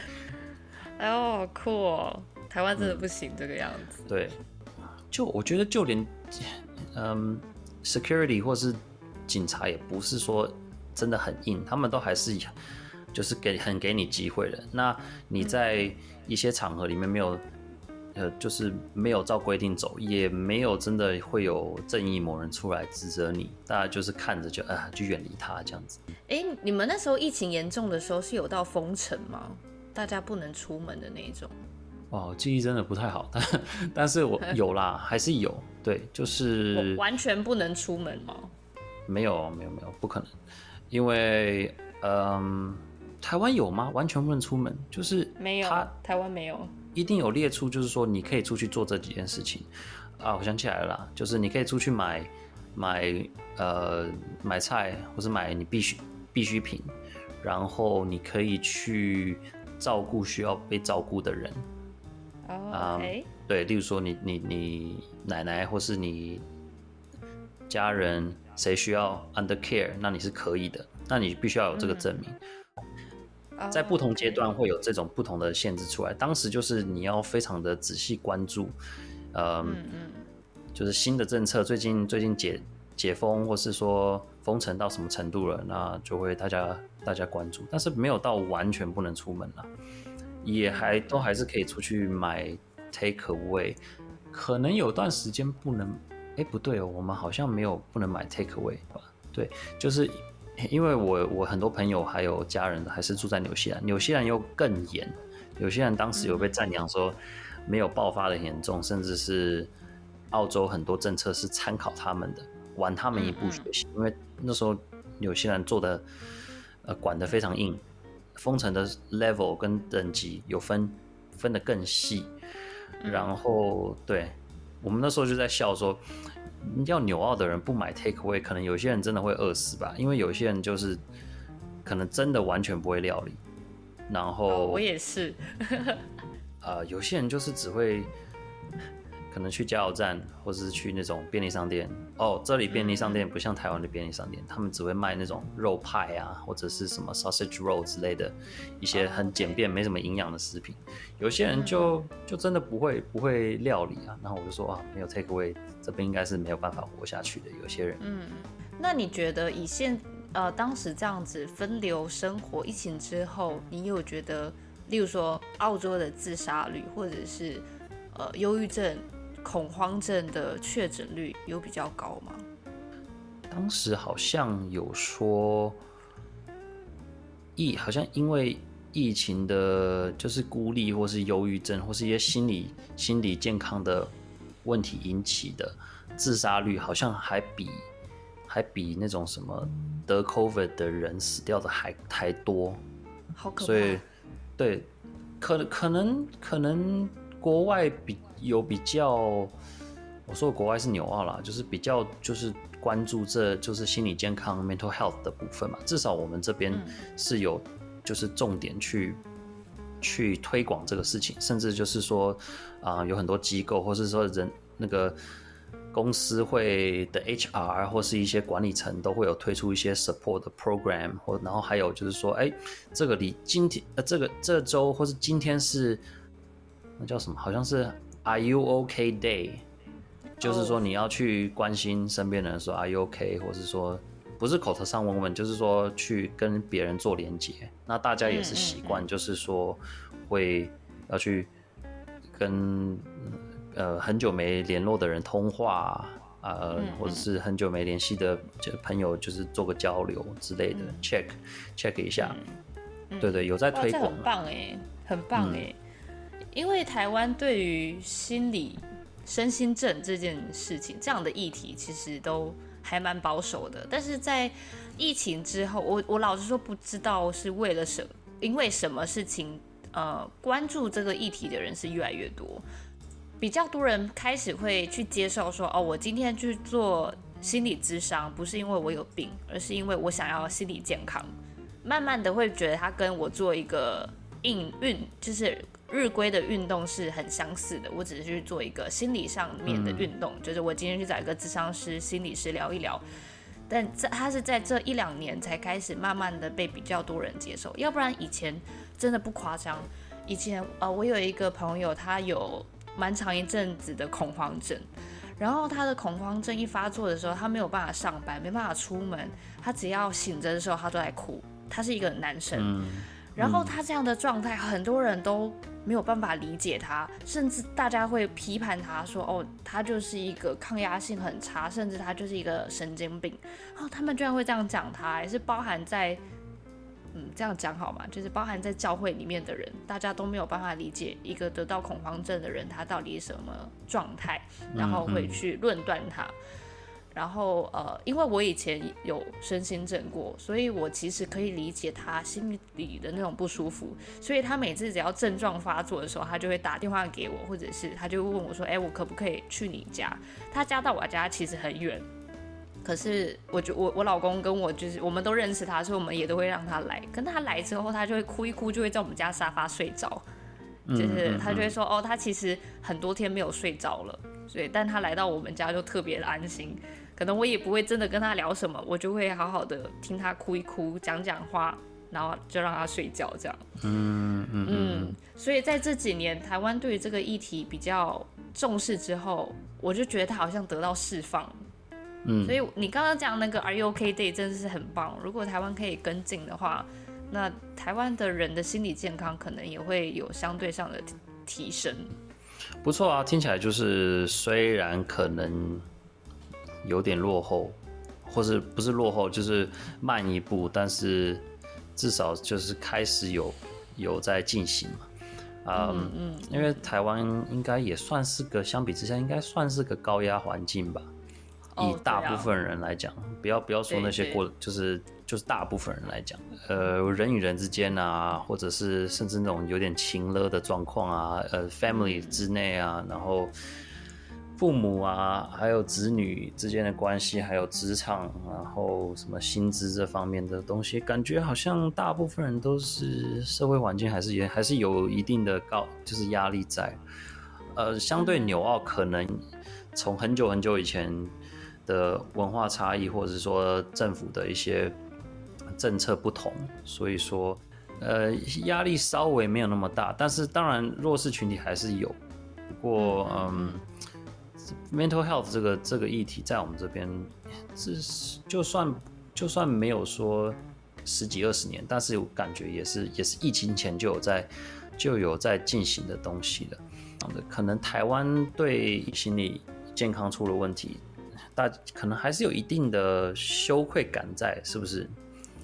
哎呦，好酷哦！台灣真的不行、嗯，這個樣子。對，就我覺得就連嗯，security 或是警察也不是說真的很硬，他們都還是就是給很給你機會的。那你在一些場合裡面沒有。就是沒有照規定走，也沒有真的會有正義魔人出來指責你，大家就是看着就啊、呃，就遠離他這樣子。哎、欸，你們那時候疫情嚴重的時候是有到封城嗎？大家不能出門的那種？哦，我記憶真的不太好，但但是我 [laughs] 有啦，還是有。對，就是我完全不能出門嗎？沒有，沒有，沒有，不可能，因為嗯、呃，台灣有嗎？完全不能出門？就是沒有，台灣沒有。一定有列出，就是說你可以出去做這幾件事情啊。我想起來了啦，就是你可以出去買買呃、買菜，或是買你必須必需品，然後你可以去照顧需要被照顧的人啊。Oh, okay. 嗯。對，例如說你你你奶奶或是你家人誰需要 under care，那你是可以的，那你必須要有這個證明。Mm. 在不同階段會有這種不同的限制出來。當時就是你要非常的仔細關注、呃嗯，嗯，就是新的政策最近最近解解封或是說封城到什麼程度了，那就會大家大家關注。但是沒有到完全不能出門了，也還都還是可以出去買 take away，可能有段時間不能。哎、欸，不對哦，我們好像沒有不能買 take away 吧？對，就是。因為我我很多朋友還有家人還是住在紐西蘭，紐西蘭又更嚴，紐西蘭當時有被讚揚說沒有爆發的嚴重，甚至是澳洲很多政策是參考他們的，晚他們一步學習，因為那時候紐西蘭做的、呃、管得非常硬，封城的 level 跟等級有分分得更細，然後對，我們那時候就在笑說。要紐澳的人不買 takeaway，可能有些人真的會餓死吧？因為有些人就是可能真的完全不會料理，然後、哦、我也是， [laughs] 呃，有些人就是只會。可能去加油站，或者是去那種便利商店哦。Oh, 這裡便利商店不像台灣的便利商店，嗯，他們只會賣那種肉派啊，或者是什麼 sausage roll 之類的，一些很簡便，嗯、沒什麼營養的食品，嗯。有些人就就真的不會不會料理啊。然後我就說啊，沒有 take away，這邊應該是沒有辦法活下去的。有些人，嗯，那你覺得以現呃當時這樣子分流生活，疫情之後，你有覺得，例如說澳洲的自殺率，或者是呃憂鬱症？恐慌症的確診率有比較高嗎？當時好像有說，疫好像因為疫情的，就是孤立或是憂鬱症或是一些心理心理健康的問題引起的自殺率，好像還比還比那種什麼得 COVID 的人死掉的還還多。好可怕！所以對，可能可能可能國外比，有比較，我說國外是紐澳啦，就是比較就是關注這就是心理健康 （mental health） 的部分嘛。至少我們這邊是有就是重點去、嗯、去推廣這個事情，甚至就是說啊、呃，有很多機構或是說人那個公司會的 HR 或是一些管理層都會有推出一些 support 的 program，或然後還有就是說，哎、欸，這個你今天呃，這個這週或是今天是那叫什麼？好像是。Are you okay day？、Oh, 就是說你要去關心身邊人說，說 Are you okay？或是說不是口頭上問問，就是說去跟別人做連接。那大家也是習慣，嗯、就是說、嗯、會要去跟、呃、很久沒聯絡的人通話、呃嗯嗯，或者是很久沒聯繫的朋友，就是做個交流之類的、嗯、，check check 一下、嗯嗯。對對，有在推廣，哦、很棒耶，很棒耶。嗯因為台灣對於心理、身心症這件事情這樣的議題，其實都還蠻保守的。但是在疫情之後，我我老實說不知道是為了什麼，因為什麼事情，呃，關注這個議題的人是越來越多，比較多人開始會去接受說，哦，我今天去做心理諮商，不是因為我有病，而是因為我想要心理健康。慢慢的會覺得他跟我做一個應運，就是。日規的運動是很相似的，我只是去做一個心理上面的運動，嗯，就是我今天去找一個諮商師、心理師聊一聊。但在他是在這一兩年才開始慢慢的被比較多人接受，要不然以前真的不誇張。以前呃，我有一個朋友，他有蠻長一陣子的恐慌症，然後他的恐慌症一發作的時候，他沒有辦法上班，沒辦法出門，他只要醒着的時候，他都在哭。他是一個男生。嗯然後他這樣的狀態，很多人都沒有辦法理解他，甚至大家會批判他說：“哦，他就是一個抗壓性很差，甚至他就是一個神經病。哦”然後他們居然會這樣講他，也是包含在……嗯，這樣講好嗎？就是包含在教會裡面的人，大家都沒有辦法理解一個得到恐慌症的人他到底什麼狀態，然後會去論斷他。嗯嗯然後呃，因為我以前有身心症過，所以我其實可以理解他心裡的那種不舒服。所以他每次只要症狀發作的時候，他就會打電話給我，或者是他就問我說：“哎、欸，我可不可以去你家？”他家到我家其實很遠，可是我就……我我老公跟我就是我們都認識他，所以我們也都會讓他來。跟他來之後，他就會哭一哭，就會在我們家沙發睡着。就是他就會說：“哦，他其實很多天沒有睡着了。”所以，但他來到我們家就特別的安心。可能我也不會真的跟他聊什麼，我就會好好的聽他哭一哭，講講話，然後就讓他睡覺這樣。嗯嗯，嗯，嗯，所以在這幾年台灣對於這個議題比較重視之後，我就覺得他好像得到釋放。嗯。所以你剛剛講那個 Are You OK Day 真的是很棒，如果台灣可以跟進的話，那台灣的人的心理健康可能也會有相對上的提升。不錯啊，聽起來就是雖然可能。有點落後，或是不是落後，就是慢一步。但是至少就是開始有有在進行嘛，啊、um, 嗯嗯，因為台灣應該也算是個相比之下應該算是個高壓環境吧、哦。以大部分人來講、啊，不要不要說那些過，對對對，就是就是大部分人來講，呃，人與人之間啊，或者是甚至那種有點情了的狀況啊，呃，family 之內啊，然後。父母啊，還有子女之間的關係，還有職場，然後什麼薪資這方面的東西，感覺好像大部分人都是社會環境還是也還是有一定的高，就是壓力在。呃，相對紐澳可能從很久很久以前的文化差異，或者是說政府的一些政策不同，所以說呃壓力稍微沒有那麼大，但是當然弱勢群體還是有，不過嗯。呃 mental health 這個這個議題在我們這邊是就算就算沒有說十幾二十年，但是我感覺也是也是疫情前就有在就有在進行的東西的。可能台灣對心理健康出了問題，大可能還是有一定的羞愧感在，是不是？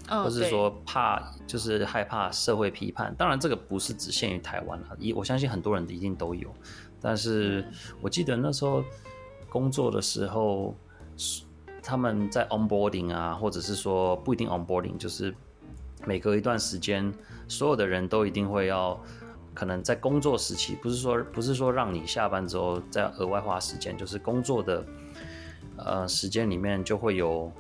或是說怕就是害怕社會批判。Oh, right. 當然，這個不是只限於台灣了，啊，一我相信很多人一定都有。但是我記得那時候工作的時候，他們在 onboarding 啊，或者是說不一定 onboarding，就是每隔一段時間，所有的人都一定會要，可能在工作時期，不是說不是說讓你下班之後再額外花時間，就是工作的呃時間裡面就會有。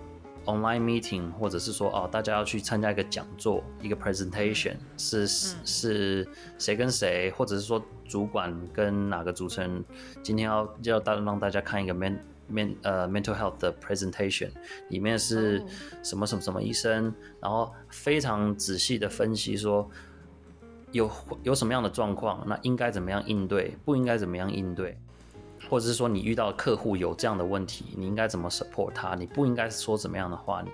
Online meeting，或者是說哦，大家要去參加一個講座，一個 presentation 是，嗯、是誰跟誰，或者是說主管跟哪個主持人，今天要要大讓大家看一個 ment ment 呃，uh, mental health 的 presentation，裡面是什麼什麼什麼醫生，嗯，然後非常仔細的分析說有有什麼樣的狀況，那應該怎麼樣應對，不應該怎麼樣應對。或者是說你遇到的客戶有這樣的問題，你應該怎麼 support 他？你不應該說怎麼樣的話？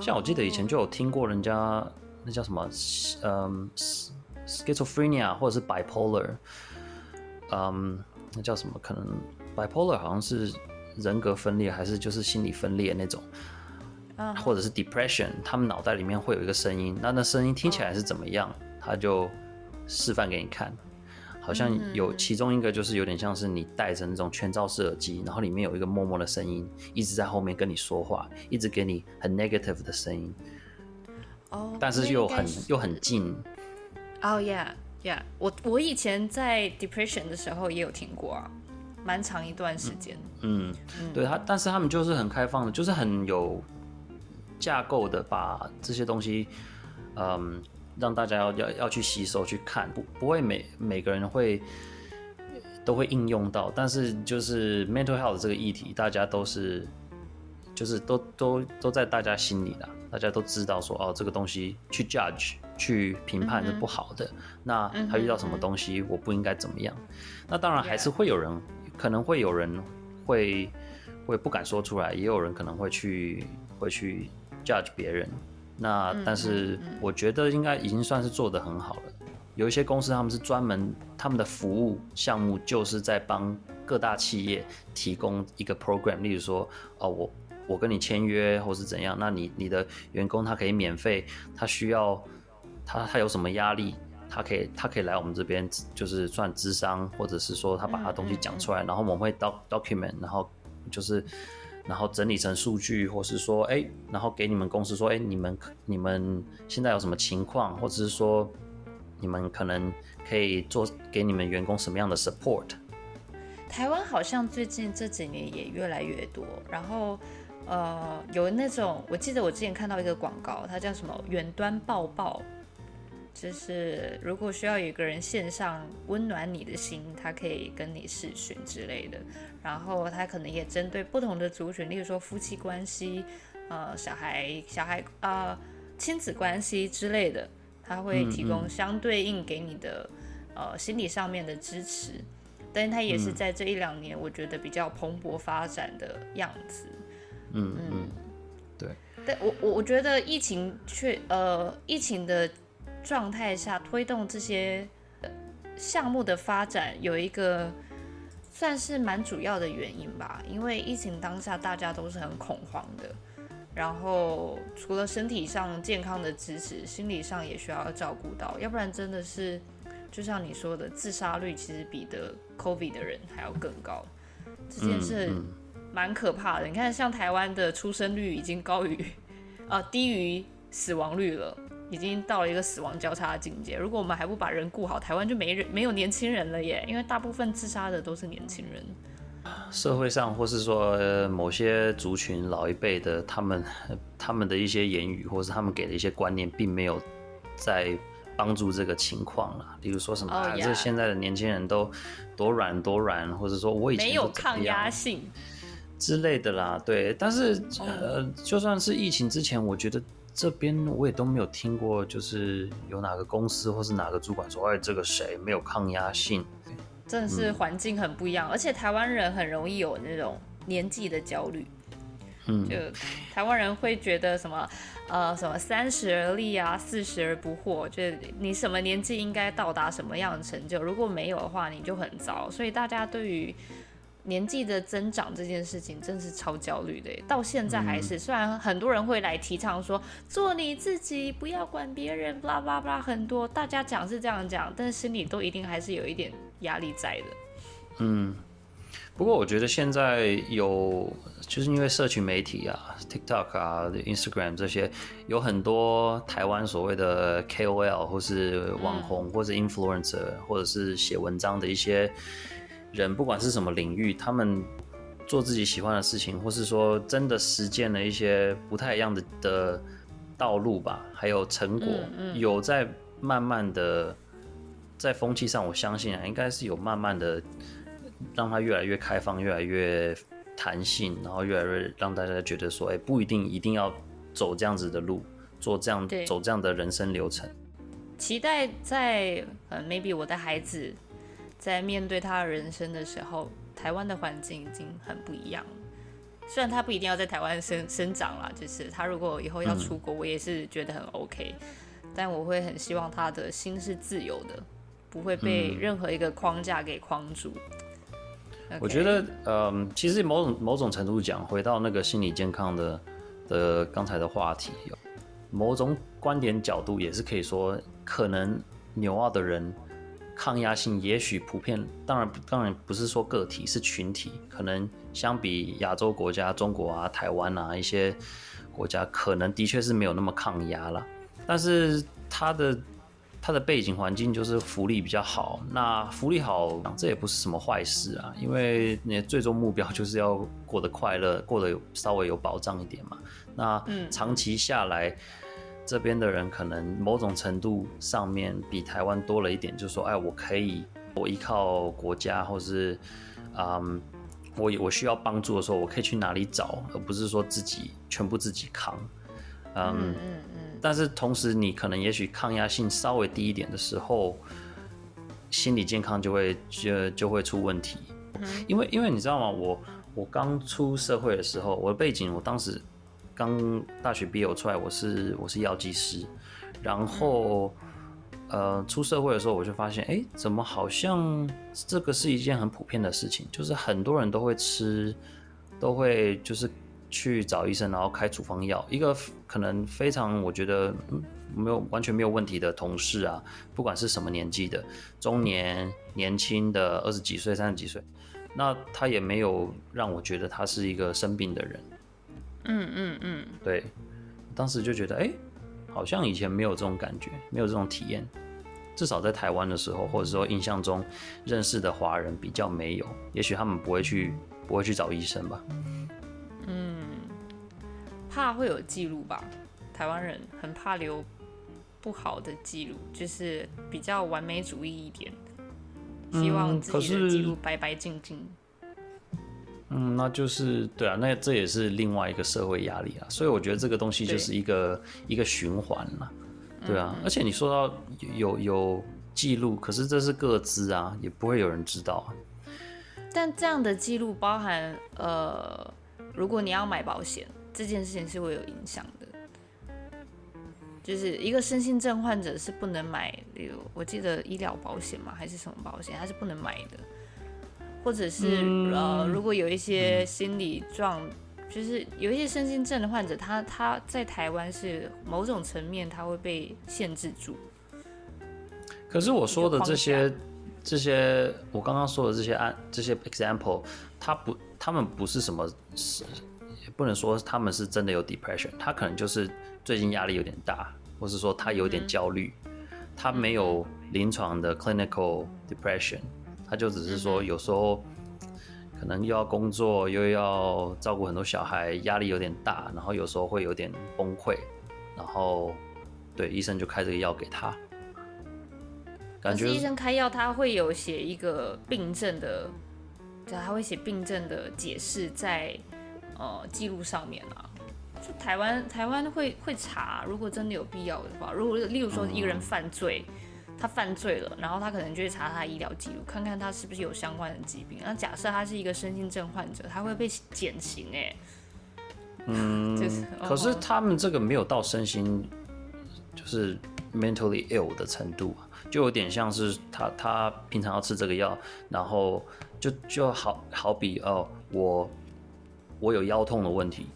像我記得以前就有聽過人家那叫什麼，嗯，schizophrenia 或者是 bipolar，嗯，那叫什麼？可能 bipolar 好像是人格分裂還是就是心理分裂的那種，或者是 depression，他們腦袋裡面會有一個聲音，那那聲音聽起來是怎麼樣？他就示範給你看。好像有其中一個就是有點像是你戴着那種全罩式耳機，然後裡面有一個默默的聲音一直在後面跟你說話，一直給你很 negative 的聲音。Oh, okay. 但是又很又很近。哦，oh, yeah, yeah 我。我我以前在 depression 的時候也有聽過啊，蠻長一段時間。嗯，嗯。嗯，對，他，但是他們就是很開放的，就是很有架構的，把這些東西，嗯。讓大家要要要去吸收去看，不不會每每個人會都會應用到，但是就是 mental health 這個議題，大家都是就是都都都在大家心裡的，大家都知道說哦，這個東西去 judge 去評判是不好的，mm -hmm. 那他遇到什麼東西，mm -hmm. 我不應該怎麼樣。那當然還是會有人，yeah. 可能會有人會會不敢說出來，也有人可能會去會去 judge 別人。那但是我覺得應該已經算是做得很好了。有一些公司他們是專門，他們的服務項目就是在幫各大企業提供一個 program，例如說，哦我我跟你簽約或是怎樣，那你你的員工他可以免費，他需要他他有什麼壓力，他可以他可以來我們這邊就是算諮商，或者是說他把他東西講出來，然後我們會 document，然後就是。然後整理成數據，或是說，哎，然後給你們公司說，哎，你們你們現在有什麼情況，或者是說，你們可能可以做給你們員工什麼樣的 support。台灣好像最近這幾年也越來越多，然後呃，有那種，我記得我之前看到一個廣告，它叫什麼，遠端抱抱。就是如果需要有一個人獻上溫暖你的心，他可以跟你視訊之類的，然後他可能也針對不同的族群，例如說夫妻關係、呃小孩、小孩啊呃、親子關係之類的，他會提供相對應給你的、嗯嗯、呃心理上面的支持，但他也是在這一兩年我覺得比較蓬勃發展的樣子，嗯嗯，對，但我我我覺得疫情確呃疫情的。狀態下推動這些項目的發展，有一個算是蠻主要的原因吧。因為疫情當下，大家都是很恐慌的。然後除了身體上健康的支持，心理上也需要要照顧到，要不然真的是就像你說的，自殺率其實比得 COVID 的人還要更高，這件事蠻可怕的。你看，像台灣的出生率已經高於，啊、呃，低於死亡率了。已經到了一個死亡交叉的境界。如果我們還不把人顧好，台灣就沒人，沒有年輕人了耶。因為大部分自殺的都是年輕人。社會上或是說、呃、某些族群老一輩的，他們他們的一些言語或是他們給的一些觀念，並沒有在幫助這個情況了。例如說什麼、oh yeah. 啊、這現在的年輕人都多軟多軟，或者說我以前沒有抗壓性之類的啦。對，但是、mm-hmm. 呃，就算是疫情之前，我覺得。這邊我也都沒有聽過，就是有哪個公司或是哪個主管說：“哎，這個誰沒有抗壓性？”真的是環境很不一樣，嗯、而且台灣人很容易有那種年紀的焦慮。嗯，就台灣人會覺得什麼呃什麼三十而立啊，四十而不惑，就是你什麼年紀應該到達什麼樣的成就，如果沒有的話，你就很糟。所以大家對於年紀的增長這件事情真是超焦慮的，到現在還是、嗯，雖然很多人會來提倡說做你自己，不要管別人啦啦啦，blah blah blah，很多大家講是這樣講，但是心裡都一定還是有一點壓力在的。嗯，不過我覺得現在有就是因為社群媒體啊，TikTok 啊，Instagram 這些，有很多台灣所謂的 KOL 或是網紅，嗯、或者是 influencer，或者是寫文章的一些。人不管是什麼領域，他們做自己喜歡的事情，或是說真的實踐了一些不太一樣的的道路吧，還有成果，嗯嗯，有在慢慢的在風氣上，我相信啊，應該是有慢慢的讓它越來越開放，越來越彈性，然後越來越讓大家覺得說，哎、欸，不一定一定要走這樣子的路，做這樣，對，走這樣的人生流程。期待在呃，maybe 我的孩子。在面對他人生的時候，台灣的環境已經很不一樣了。雖然他不一定要在台灣生生長了，就是他如果以後要出國，嗯、我也是覺得很 OK。但我會很希望他的心是自由的，不會被任何一個框架給框住。嗯 okay、我覺得，嗯、呃，其實某種某種程度講，回到那個心理健康的的剛才的話題，某種觀點角度也是可以說，可能紐澳的人。抗壓性也許普遍，當然當然不是說個體是群體，可能相比亞洲國家、中國啊、台灣啊一些國家，可能的確是沒有那麼抗壓了。但是它的它的背景環境就是福利比較好，那福利好這也不是什麼壞事啊，因為你最終目標就是要過得快樂，過得有稍微有保障一點嘛。那長期下來。嗯這邊的人可能某種程度上面比台灣多了一點，就說，哎，我可以，我依靠國家，或是，嗯、我我需要幫助的時候，我可以去哪裡找，而不是說自己全部自己扛。嗯、mm-hmm. 但是同時，你可能也許抗壓性稍微低一點的時候，心理健康就會就就會出問題。Mm-hmm. 因為因為你知道嗎，我我剛出社會的時候，我的背景，我當時。剛大學畢業出來，我是我是藥劑師，然後呃出社會的時候，我就發現，哎，怎麼好像這個是一件很普遍的事情，就是很多人都會吃，都會就是去找醫生，然後開處方藥。一個可能非常我覺得沒有完全沒有問題的同事啊，不管是什麼年紀的，中年、年輕的二十幾歲、三十幾歲，那他也沒有讓我覺得他是一個生病的人。嗯嗯嗯，對，當時就覺得，哎、欸，好像以前沒有這種感覺，沒有這種體驗，至少在台灣的時候，或者說印象中認識的華人比較沒有，也許他們不會去，不會去找醫生吧，嗯，怕會有記錄吧，台灣人很怕留不好的記錄，就是比較完美主義一點，希望自己的記錄白白淨淨。嗯嗯，那就是，對啊，那這也是另外一個社會壓力啊，所以我覺得這個東西就是一個一個循環了、啊，對啊，嗯嗯，而且你說到有有記錄，可是這是個資啊，也不會有人知道、啊。但這樣的記錄包含，呃，如果你要買保險，這件事情是會有影響的，就是一個身心症患者是不能買，例如我記得醫療保險嘛，還是什麼保險，他是不能買的。或者是、嗯、呃，如果有一些心理狀、嗯，就是有一些身心症的患者，他他在台灣是某種層面，他會被限制住。可是我說的這些這些，這些，我剛剛說的這些案這些 example，他不，他們不是什麼是，也不能說他們是真的有 depression，他可能就是最近壓力有點大，或是說他有點焦慮、嗯，他沒有臨床的 clinical depression。嗯。嗯。他就只是說，有時候可能又要工作，又要照顧很多小孩，壓力有點大，然後有時候會有點崩潰，然後對醫生就開這個藥給他。可是醫生開藥，他會有寫一個病症的，對，他會寫病症的解釋在呃記錄上面啊。就台灣台灣會會查，如果真的有必要的話，如果例如說一個人犯罪。嗯他犯罪了，然後他可能就去查他的醫療記錄，看看他是不是有相關的疾病。那假設他是一個身心症患者，他會被減刑哎。嗯、 [laughs] 就是，可是他們這個沒有到身心就是 mentally ill 的程度，就有點像是他他平常要吃這個藥，然後就就好好比哦、呃，我我有腰痛的問題，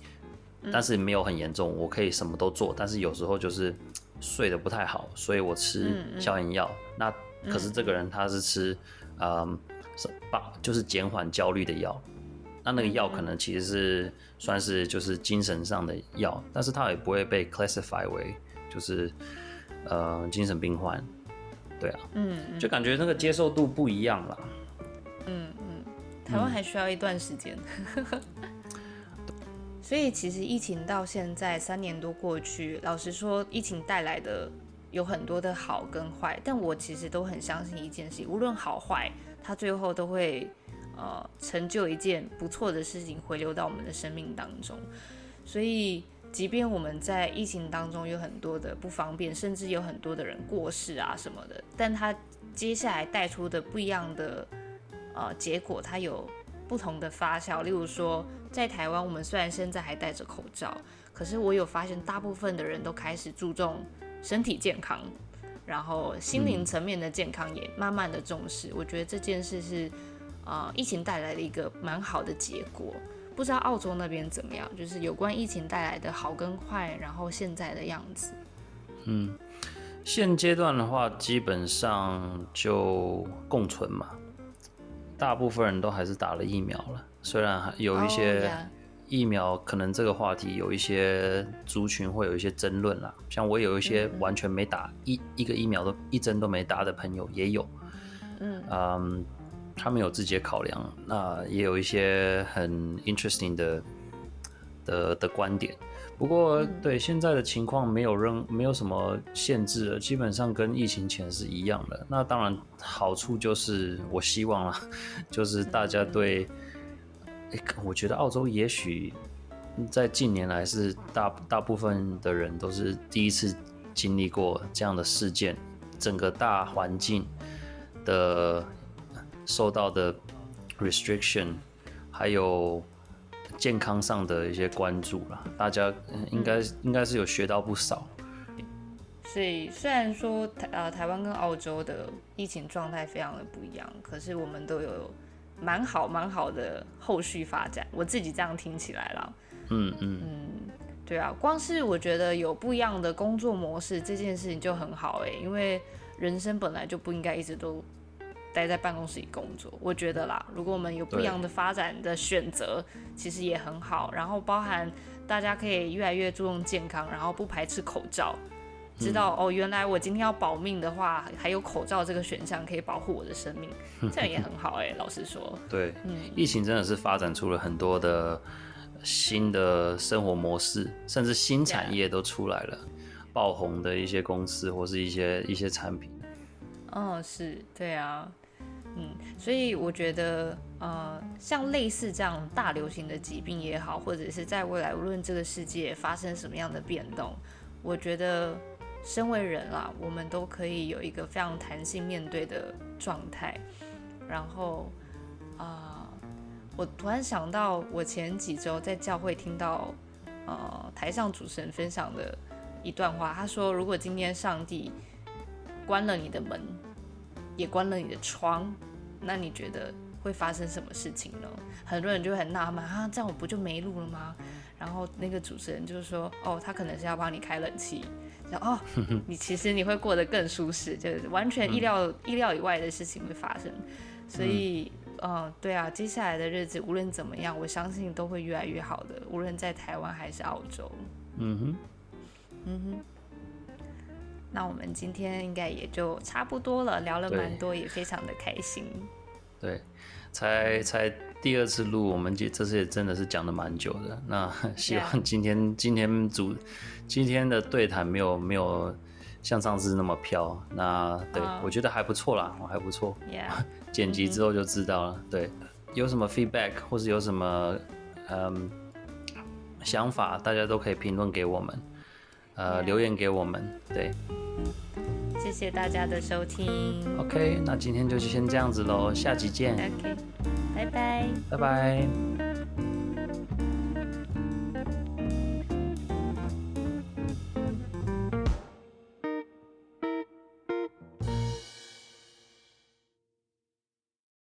嗯、但是沒有很嚴重，我可以什麼都做，但是有時候就是。睡得不太好，所以我吃消炎藥、嗯。那可是這個人他是吃，嗯，把、嗯、就是減緩焦慮的藥。那那個藥可能其實是、嗯、算是就是精神上的藥，但是他也不會被 classify 為就是、呃、精神病患。對啊，嗯，就感覺那個接受度不一樣啦。嗯嗯，台灣還需要一段時間。嗯所以其實疫情到現在三年多過去，老實說，疫情帶來的有很多的好跟壞，但我其實都很相信一件事，無論好壞，它最後都會，呃，成就一件不錯的事情回流到我們的生命當中。所以，即便我們在疫情當中有很多的不方便，甚至有很多的人過世啊什麼的，但它接下來帶出的不一樣的，呃，結果它有。不同的發酵，例如說，在台灣，我們雖然現在還戴着口罩，可是我有發現，大部分的人都開始注重身體健康，然後心靈層面的健康也慢慢的重視。嗯，我覺得這件事是，呃，疫情帶來的一個蠻好的結果。不知道澳洲那邊怎麼樣？就是有關疫情帶來的好跟壞，然後現在的樣子。嗯，現階段的話，基本上就共存嘛。大部分人都還是打了疫苗了，雖然有一些疫苗，oh, yeah. 可能這個話題有一些族群會有一些爭論啦。像我有一些完全沒打、mm -hmm. 一一個疫苗都一針都沒打的朋友也有，嗯、mm -hmm.，um, 他們有自己的考量，那也有一些很 interesting 的的的觀點。不過，對現在的情況沒有任沒有什麼限制了，基本上跟疫情前是一樣的。那當然好處就是，我希望了、啊，就是大家對，欸、我覺得澳洲也許在近年來是大大部分的人都是第一次經歷過這樣的事件，整個大環境的受到的 restriction 還有。健康上的一些關注啦，大家應該應該是有學到不少。所以雖然說台呃台灣跟澳洲的疫情狀態非常的不一樣，可是我們都有蠻好蠻好的後續發展。我自己這樣聽起來啦，嗯嗯嗯，對啊，光是我覺得有不一樣的工作模式這件事情就很好誒、欸，因為人生本來就不應該一直都，待在辦公室裡工作，我覺得啦，如果我們有不一樣的發展的選擇，其實也很好。然後包含大家可以越來越注重健康，然後不排斥口罩，知道、嗯、哦，原來我今天要保命的話，還有口罩這個選項可以保護我的生命，這樣也很好哎、欸。 [laughs] 老實說，對、嗯，疫情真的是發展出了很多的新的生活模式，甚至新產業都出來了，啊、爆紅的一些公司或是一些一些產品。哦，是對啊。嗯，所以我覺得，呃，像類似這樣大流行的疾病也好，或者是在未來無論這個世界發生什麼樣的變動，我覺得身為人啊，我們都可以有一個非常彈性面對的狀態。然後，啊、呃，我突然想到，我前幾周在教會聽到，呃，台上主持人分享的一段話，他說：“如果今天上帝關了你的門，”也關了你的窗，那你覺得會發生什麼事情呢？很多人就很納悶啊，這樣我不就沒路了嗎？然後那個主持人就說，哦，他可能是要幫你開冷氣，然後哦，你其實你會過得更舒適，就完全意料 [laughs] 意料以外的事情會發生。所以，嗯、對啊，接下來的日子無論怎麼樣，我相信都會越來越好的，無論在台灣還是澳洲。嗯哼，嗯哼。那我們今天應該也就差不多了，聊了蠻多，也非常的開心。對，才才第二次錄，我們這這次也真的是講的蠻久的。那希望今天，yeah. 今天主今天的對談沒有沒有像上次那麼飄。那對，uh. 我覺得還不錯啦，我還不錯。Yeah. 剪輯之後就知道了。Mm-hmm. 對，有什麼 feedback 或是有什麼嗯、呃、想法，大家都可以評論給我們。呃，yeah. 留言給我們，對。謝謝大家的收聽。OK，那今天就先這樣子嘍，下集見。OK，拜拜。拜拜。